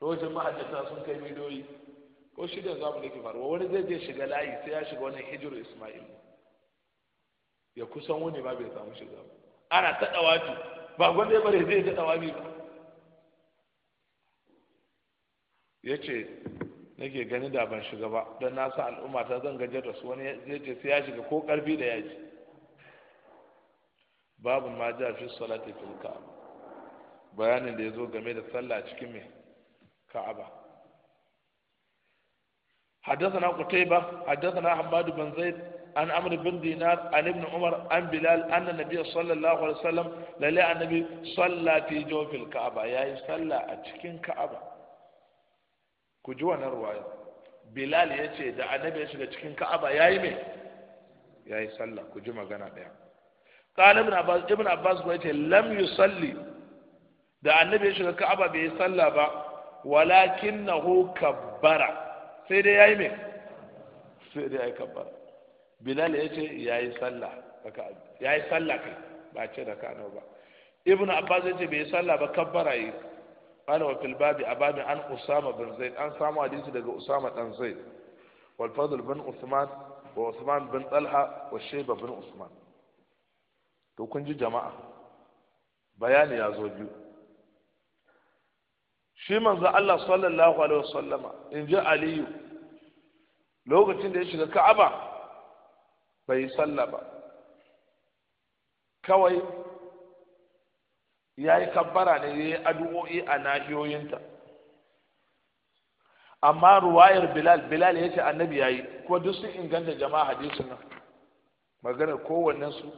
lokacin mahajjata sun kai miliyoyi ko shida za mu nake faruwa wani zai je shiga layi sai ya shiga wannan hijira ismail ya kusan wani ba bai samu shiga ba ana ta dawafi ba gwanda bare zai ta dawafi ba ya ce nake gani da ban shiga ba don na sa al'umma ta zan jarrasu su wani zai ce sai ya shiga ko karfi da yaji babu ma ja fi salati fil ka'aba bayanin da yazo game da sallah cikin mai ka'aba حدثنا قتيبة حدثنا حماد بن زيد عن عمرو بن دينار عن ابن عمر عن بلال أن النبي صلى الله عليه وسلم للا النبي صلى في جوف الكعبة يا صلى أتكين كعبة كجوا نرواية بلال يتي دا النبي أتكين كعبة يا يمي يا صلى ji magana بيه قال ابن عباس ابن عباس قلت لم يصلي da annabi ya shiga ka'aba bai yi sallah ba walakinahu kabbara sai dai yayi me sai dai yayi kabbara bilal ya ce yayi sallah raka yayi sallah kai ba ce raka nawa ba ibnu abbas ya ce bai yi sallah ba yi قال وفي الباب أباب عن أسامة بن زيد أن سامو حديث لقى أسامة بن زيد والفضل بن عثمان وعثمان بن طلحة والشيبة بن عثمان to kun ji jama'a bayani ya zo biyu shi manzo Allah sallallahu alaihi wasallama in ji aliyu lokacin da ya shiga ka'aba bai yi sallah ba kawai ya yi kabbara ne ya yi addu'o'i a nahiyoyinta amma ruwayar bilal bilal ya ce annabi ya yi ko duk sun inganta jama'a hadisun nan maganar kowannen su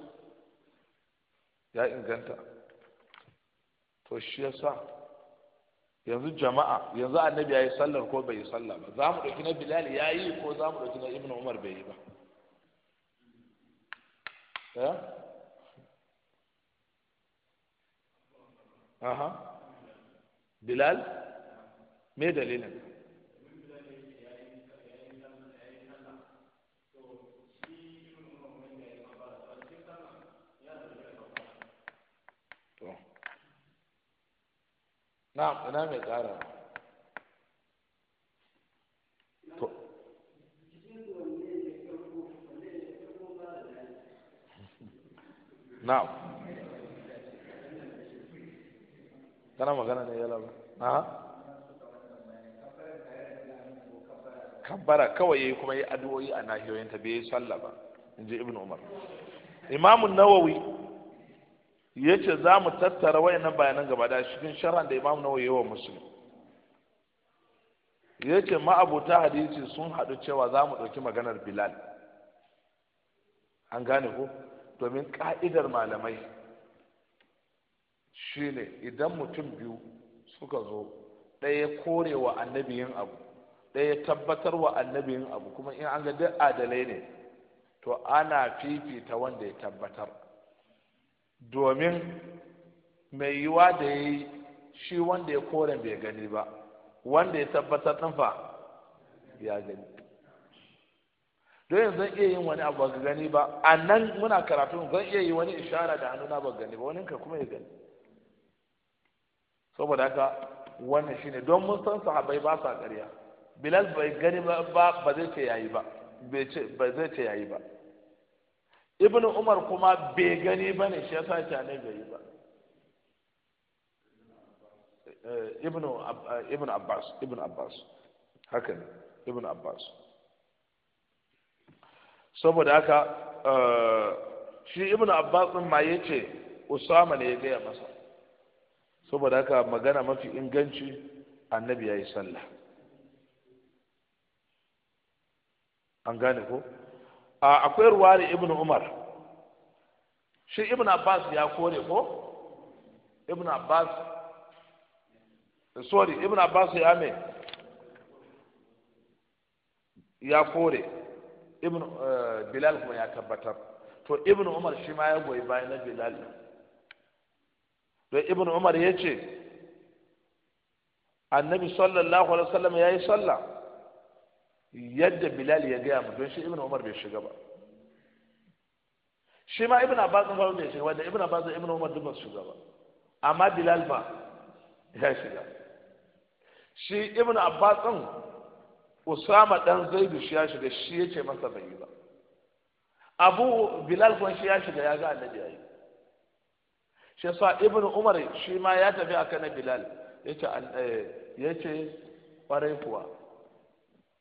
ya inganta to shi yasa yanzu jama'a yanzu annabi ya yi sallar ko bai yi sallah ba za mu ɗauki na bilal ya yi ko za mu ɗauki na ibn umar bai yi ba eh? aha bilal me dalilin na'am ina mai ƙara <laughs> na'am kana magana ne yala ba na kabbara kawai yayi kuma yi addu'o'i a nahiyoyin ta bai sallah ba inji ibnu umar imamu nawawi ce za mu tattara wayanan bayanan gaba da cikin sharhan da Imam Nawawi wa ya ce ma'abuta hadisi sun haɗu cewa za mu ɗauki maganar Bilal an gane ko domin ka'idar malamai shine idan mutum biyu suka zo ɗaya kore wa annabiyin abu ɗaya tabbatar wa annabiyin abu kuma in an ga duk adalai ne to ana fifita wanda ya tabbatar domin mai yiwa da ya yi shi wanda ya koren bai gani ba wanda ya tabbatar ɗin fa ya gani don yanzu zan iya yin wani abu ba gani ba a nan muna karatu zan iya yi wani ishara da na ba gani ba wani ka kuma ya gani saboda haka wannan shine don mun san sahabai ba sa ƙarya bilal bai gani ba ba zai ce yayi ba bai zai ce yayi ba ibn umar kuma bai gani ba ne shi ya sa ce ne bai yi ba eh, eh, ibn abbas ibn abbas haka ne ibn abbas saboda haka eh, shi ibn abbas din ma ce, usama ne ya gaya masa saboda haka magana mafi inganci annabi ya yi sallah an gane ko akwai ruwa da ibn umar shi ibn abbas ya kore ko ibn abbas sorry ibn abbas ya me ya kore ibn eh, bilal kuma ya tabbatar to ibn umar shi ma ya goyi bayan na bilal to ibn umar ya ce annabi sallallahu alaihi wasallam ya yi sallah yadda bilal ya gaya mu don shi ibn umar bai shiga ba shi ma ibn abbas ba bai shiga ba ibn abbas da ibn umar duk ba su shiga ba amma bilal ba ya shiga shi ibn abbas din usama dan zaidu shi ya shiga shi yace masa bai yi ba abu bilal kun shi ya shiga ya ga annabi yayi shi sa ibn umar shi ma ya tafi akan bilal yace eh, yace kwarai kuwa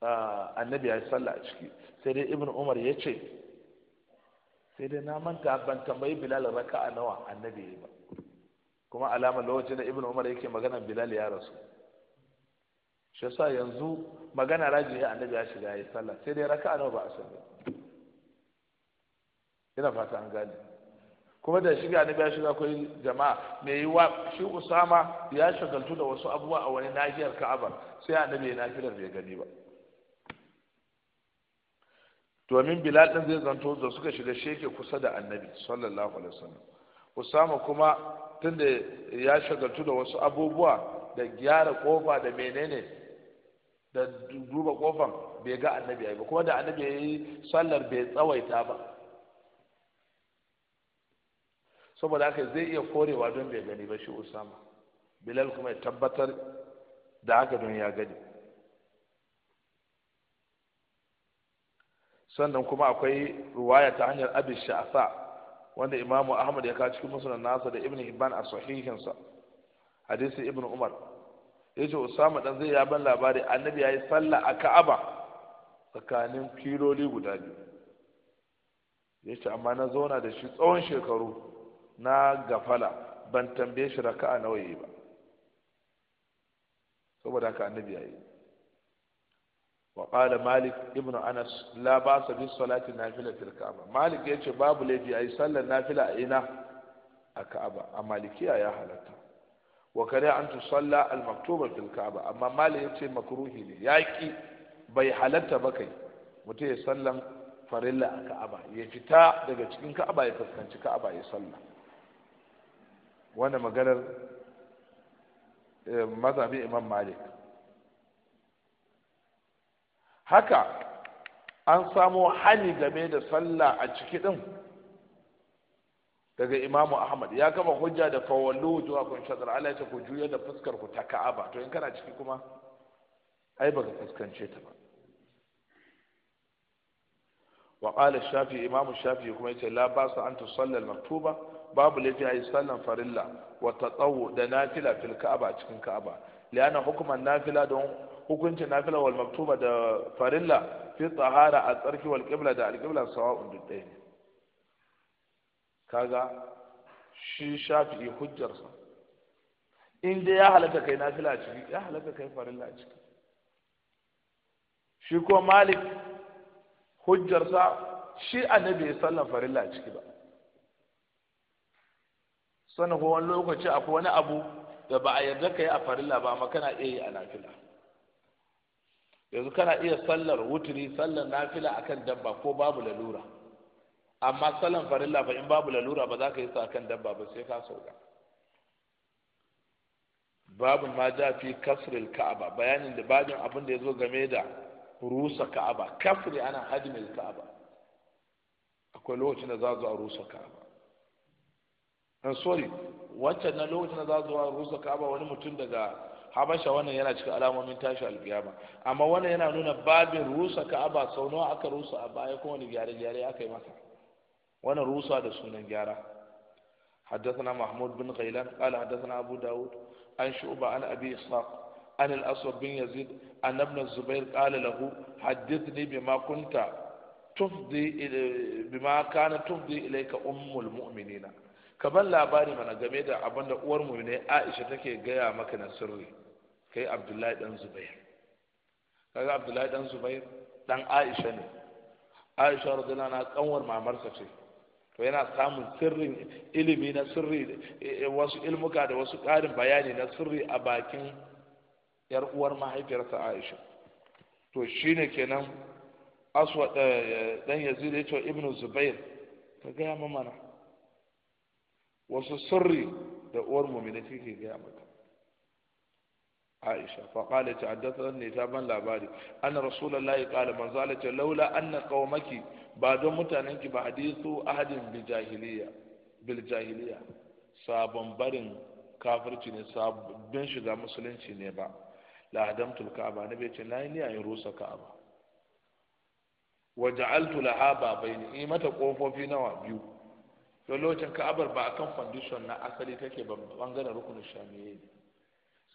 annabi ya yi sallah a ciki sai dai ibn umar ya ce sai dai na manta ban tambayi bilal al-raka a nawa annabi ya yi ba kuma alama lokacin da ibn umar yake magana bilal ya rasu shi sa yanzu magana raji ya annabi ya shiga ya yi sallah sai dai a nawa ba a sallah ina fata an gane kuma da shiga annabi ya shiga akwai jama'a yi yiwa shi usama ya shagaltu da wasu abubuwa a wani nahiyar ka'aba sai annabi ya nafilar bai gani ba domin bilal din zai zanto da suka shiga sheke kusa da annabi sallallahu alaihi wasallam usama kuma tunda ya shagaltu da wasu abubuwa da gyara kofa da menene da duba kofan bai ga annabi ba kuma da annabi ya yi sallar bai tsawaita ba saboda haka zai iya korewa don bai gani ba shi usama bilal kuma ya tabbatar da haka don ya gani sannan kuma akwai ruwaya ta hanyar abi sha'sa wanda imamu ahmad ya kawo cikin musulun nasa da ibn hibban a sahihinsa hadisi ibn umar ya ce usama dan zai ya ban labari annabi ya sallah a ka'aba tsakanin filoli guda biyu ya ce amma na zauna da shi tsawon shekaru na gafala ban tambaye shi raka'a nawa yi ba saboda haka annabi ya وقال مالك ابن انس لا باس بالصلاه النافله في الكعبه مالك yace babu laifi yi sallar nafila a ina a ka'aba a malikiya ya halatta wa kare an tusalla al maktuba fil amma malik yace makruhi ne yaki bai halatta ba kai mutum ya sallar farilla a ka'aba ya fita daga cikin ka'aba ya fuskanci ka'aba ya salla wannan maganar eh, mazhabin imam malik haka an samo hani game da sallah a ciki din daga imamu ahmad ya kama hujja da fawallu zuwa kun shadar ala ta ku juya da fuskar ku ta ka'aba to in kana ciki kuma ai baka fuskance ta ba wa qala shafi imamu shafi kuma yace la ba sa an sallal maktuba babu laifi ayi sallan farilla wa tatawu da nafila fil ka'aba cikin ka'aba liana hukuman nafila don hukuncin nafila wal maktuba da farilla fi tsahara a tsarki wal qibla da alqibla sawa'un duk ɗaya ne kaga shi shafi'i hujjarsa in dai ya halatta kai nafila a ciki ya halatta kai farilla a ciki shi ko malik hujjarsa shi annabi ya sallan farilla a ciki ba sannan ko wani lokaci akwai wani abu da ba a yarda kai a farilla ba amma kana iya yi a nafila yanzu kana iya sallar wuturi sallar nafila akan dabba ko babu lalura amma sallan farilla ba in babu lalura ba za ka yi su akan dabba ba sai ka sauka babun ma ja fi kasril ka'aba bayanin da babin abin da ya zo game da rusa ka'aba kafri ana hadimil ka'aba akwai lokacin da za zo a rusa ka'aba an sorry wancan na lokacin da za zo a rusa ka'aba wani mutum daga habasha wannan yana cikin alamomin tashi alkiyama amma wannan yana nuna babin rusa ka'aba sau nawa aka rusa a baya ko wani gyare gyare aka yi masa wannan rusa da sunan gyara حدثنا محمود بن غيلان قال حدثنا أبو داود an شعبة عن أبي إسحاق عن الأسود بن يزيد عن ابن الزبير قال له حدثني بما كنت تفضي بما كانت تفضي إليك أم المؤمنين kamar labari mana game da abin da uwar mu ne Aisha take gaya maka na sirri kai abdullahi dan zubair kaga abdullahi dan zubair dan aisha ne aisha radiyallahu anha kanwar mamarsa ce to yana samun sirrin ilimi na sirri eh, wasu ilmuka da wasu karin bayani na sirri a bakin yar uwar mahaifiyarsa aisha to shine kenan aswad eh, dan yazid ya ce ibnu zubair ka gaya mana wasu sirri da uwar mu ne take gaya mata عائشة فقالت حدثني ta لاباري أن رسول الله قال من زالت لولا أن قومك بعد متنك بحديث أحد بالجاهلية بالجاهلية sabon barin kafirci ne sabon shiga musulunci ne ba la'adamtul ba na bai ce na yi niyan rusa ka'aba wa ja'altu laha babaini Ni mata kofofi nawa biyu don lokacin ka'abar ba a kan fandishon na asali take ba bangaren rukunin shamiyyi ne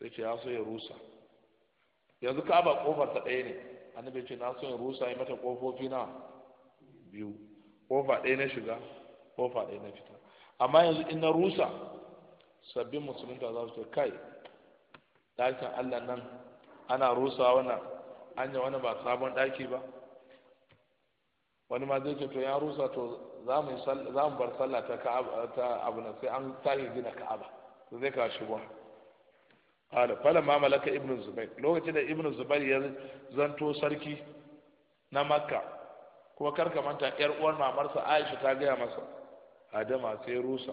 sai ce ya so ya rusa yanzu ka ba kofar ta ɗaya ne annabi ce na so ya rusa ya mata kofofi na biyu kofa ɗaya na shiga kofa ɗaya na fita amma yanzu in na rusa sabbin musulunta za su ce kai ɗakin allah nan ana rusa wannan anya wani ba sabon ɗaki ba wani ma zai ce to ya rusa to za mu bar sallah ta abu na sai an tashi gina ka'aba zai ka shi fala ma malaka ibnu zubair lokacin da ibnu zubair ya zanto sarki na makka kuma karka manta yar uwar mamarsa aisha ta gaya masa adama sai rusa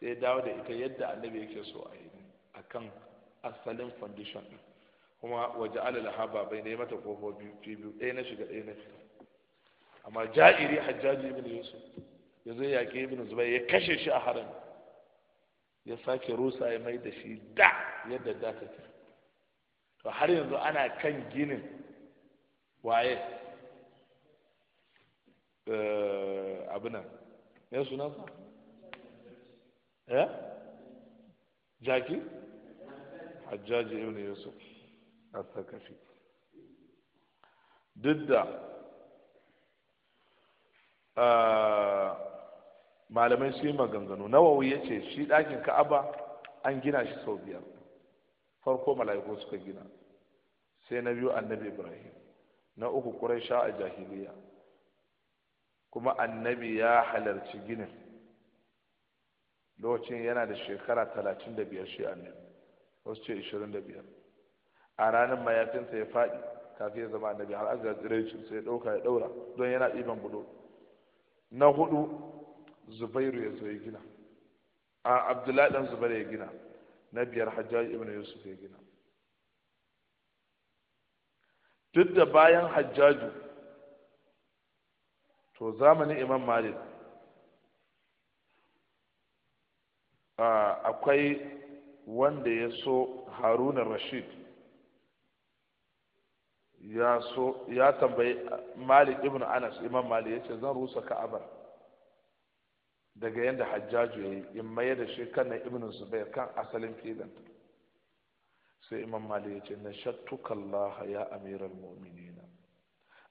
sai dawo da ita yadda annabi yake so a yi akan asalin foundation kuma waje alal haba bai ne mata kofofi biyu ɗaya na shiga ɗaya na fita amma ja'iri hajjaji ibn yusuf ya zai yaƙi ibn zubair ya kashe shi a harami ya sake rusa ya mai da shi da yadda da ta ce to har yanzu ana kan ginin waye eh, abinan ya sa? ya eh? jaki hajjaji ibn yusuf a sakafi duk da ah, malamai su yi maganganu nawawi ya ce shi ɗakin ka'aba an gina shi sau biyar farko mala'iku suka gina sai na biyu annabi ibrahim na uku ƙuraisha a jahiliya kuma annabi ya halarci ginin lokacin yana da shekara talatin da biyar shi annabi wasu ce ishirin da biyar a ranar mayafinsa ya faɗi kafin ya zama annabi har aka tsire shi sai ya ɗauka ya ɗaura don yana ɗiban bulo na hudu zubairu ya zo ya gina a abdullahi dan zubairu ya gina na biyar hajjaj ibn yusuf ya gina duk da bayan hajjaju to zamanin imam malik akwai wanda ya so haruna rashid ya so ya tambayi malik ibn anas imam malik ya ce zan rusa ka'abar daga yadda hajjaju ya yi in maye da shi kan ibn zubair kan asalin filin sai imam mali ya ce na shattukallah ya amiral mu'minina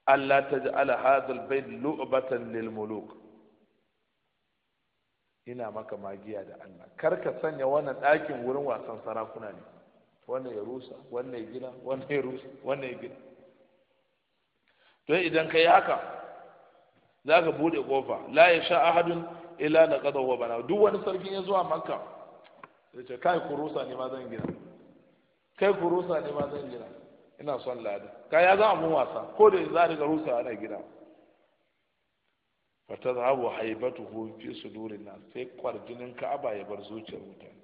Allah ta ji ala hadal bai lu'batan lil muluk ina maka magiya da Allah kar ka sanya wannan ɗakin wurin wasan sarakuna ne wannan ya rusa wannan ya gina wannan ya rusa wannan ya gina don idan ka yi haka za ka buɗe ƙofa la ya sha ahadun ila da kada wa bana duk wani sarkin ya zuwa makka sai ce kai kurusa ne ma zan gina kai kurusa ne ma zan gina ina son lada ka ya za mun wasa ko da za a riga rusa ana gina fata za abu haibatu fi sudurin nas sai kwarjinin ka'aba ya bar zuciyar mutane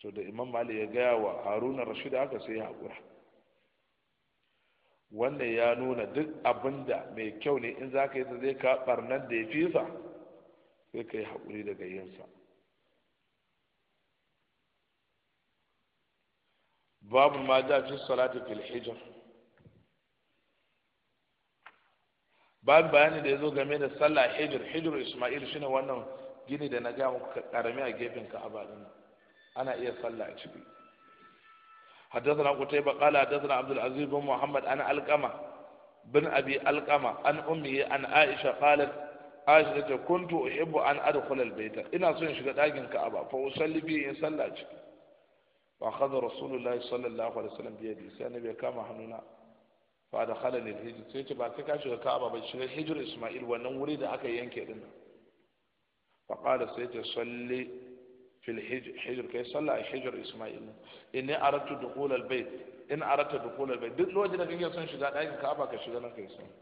to da imam mali ya gaya wa haruna rashid aka sai ya hakura wannan ya nuna duk abinda mai kyau ne in za ka yi ta zai ka ɓarnar da ya fi sa sai ka yi haƙuri daga yinsa babu ma da fi salati fil hijar babu bayani da ya zo game da sallah hijr hijr ismail shine wannan gini da na ga muku karami a gefen ka'aba din ana iya sallah a ciki حدثنا قتيبة قال حدثنا عبد العزيز بن محمد أنا ألقمة بن أبي ألقمة عن أمه عن عائشة قالت aisha ta ce kuntu uhibbu an adkhula albayta ina so in shiga dakin ka'aba fa usalli bi in salla ciki fa akhadha rasulullahi sallallahu alaihi wasallam bi yadi sai annabi ya kama hannuna fa adkhalani alhijr sai ce ba sai ka shiga ka'aba ba shiga hijr isma'il wannan wuri da aka yanke din fa qala sai ce salli fil hijr kai salla a hijr isma'il inni aradtu dukhul albayt in aradta dukhul albayt duk lokacin da kake son shiga dakin ka'aba ka shiga nan kai sallah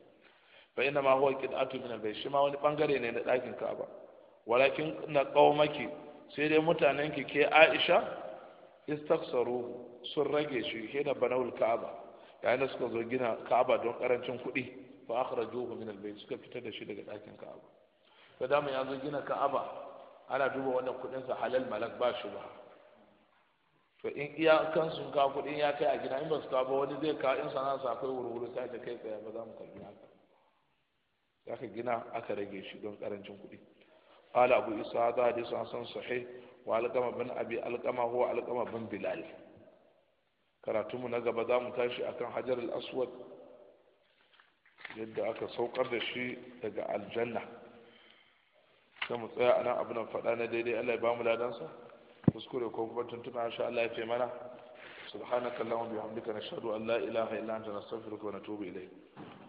fa inna ma huwa qid'atu min al-bayt shi ma wani bangare ne na dakin Ka'aba walakin na qaumaki sai dai mutanen ki ke Aisha istaksaru sun rage shi ke da banawul Ka'aba yayin da suka zo gina Ka'aba don karancin kuɗi fa akhrajuhu min al-bayt suka fitar da shi daga dakin Ka'aba fa da mu zo gina Ka'aba ana duba wannan kuɗin sa halal malak ba shi ba to in iya kan sun ka kuɗin ya kai a gina in ba su ka ba wani zai ka in sana sa kai wurwuri sai ta kai tsaye ba za mu karbi haka da aka gina aka rage shi don karancin kuɗi qala abu isa hadha hadithu hasan sahih wa alqama bin abi alqama huwa alqama bin bilal karatunmu na gaba za mu tashi akan hajar al-aswad yadda aka saukar da shi daga aljanna sai mu tsaya a nan abu nan faɗa na daidai Allah ya ba mu ladansa kuskure ko kuma tuntuna insha Allah ya fi mana allahumma bihamdika nashhadu an la ilaha illa anta nastaghfiruka wa natubu ilayk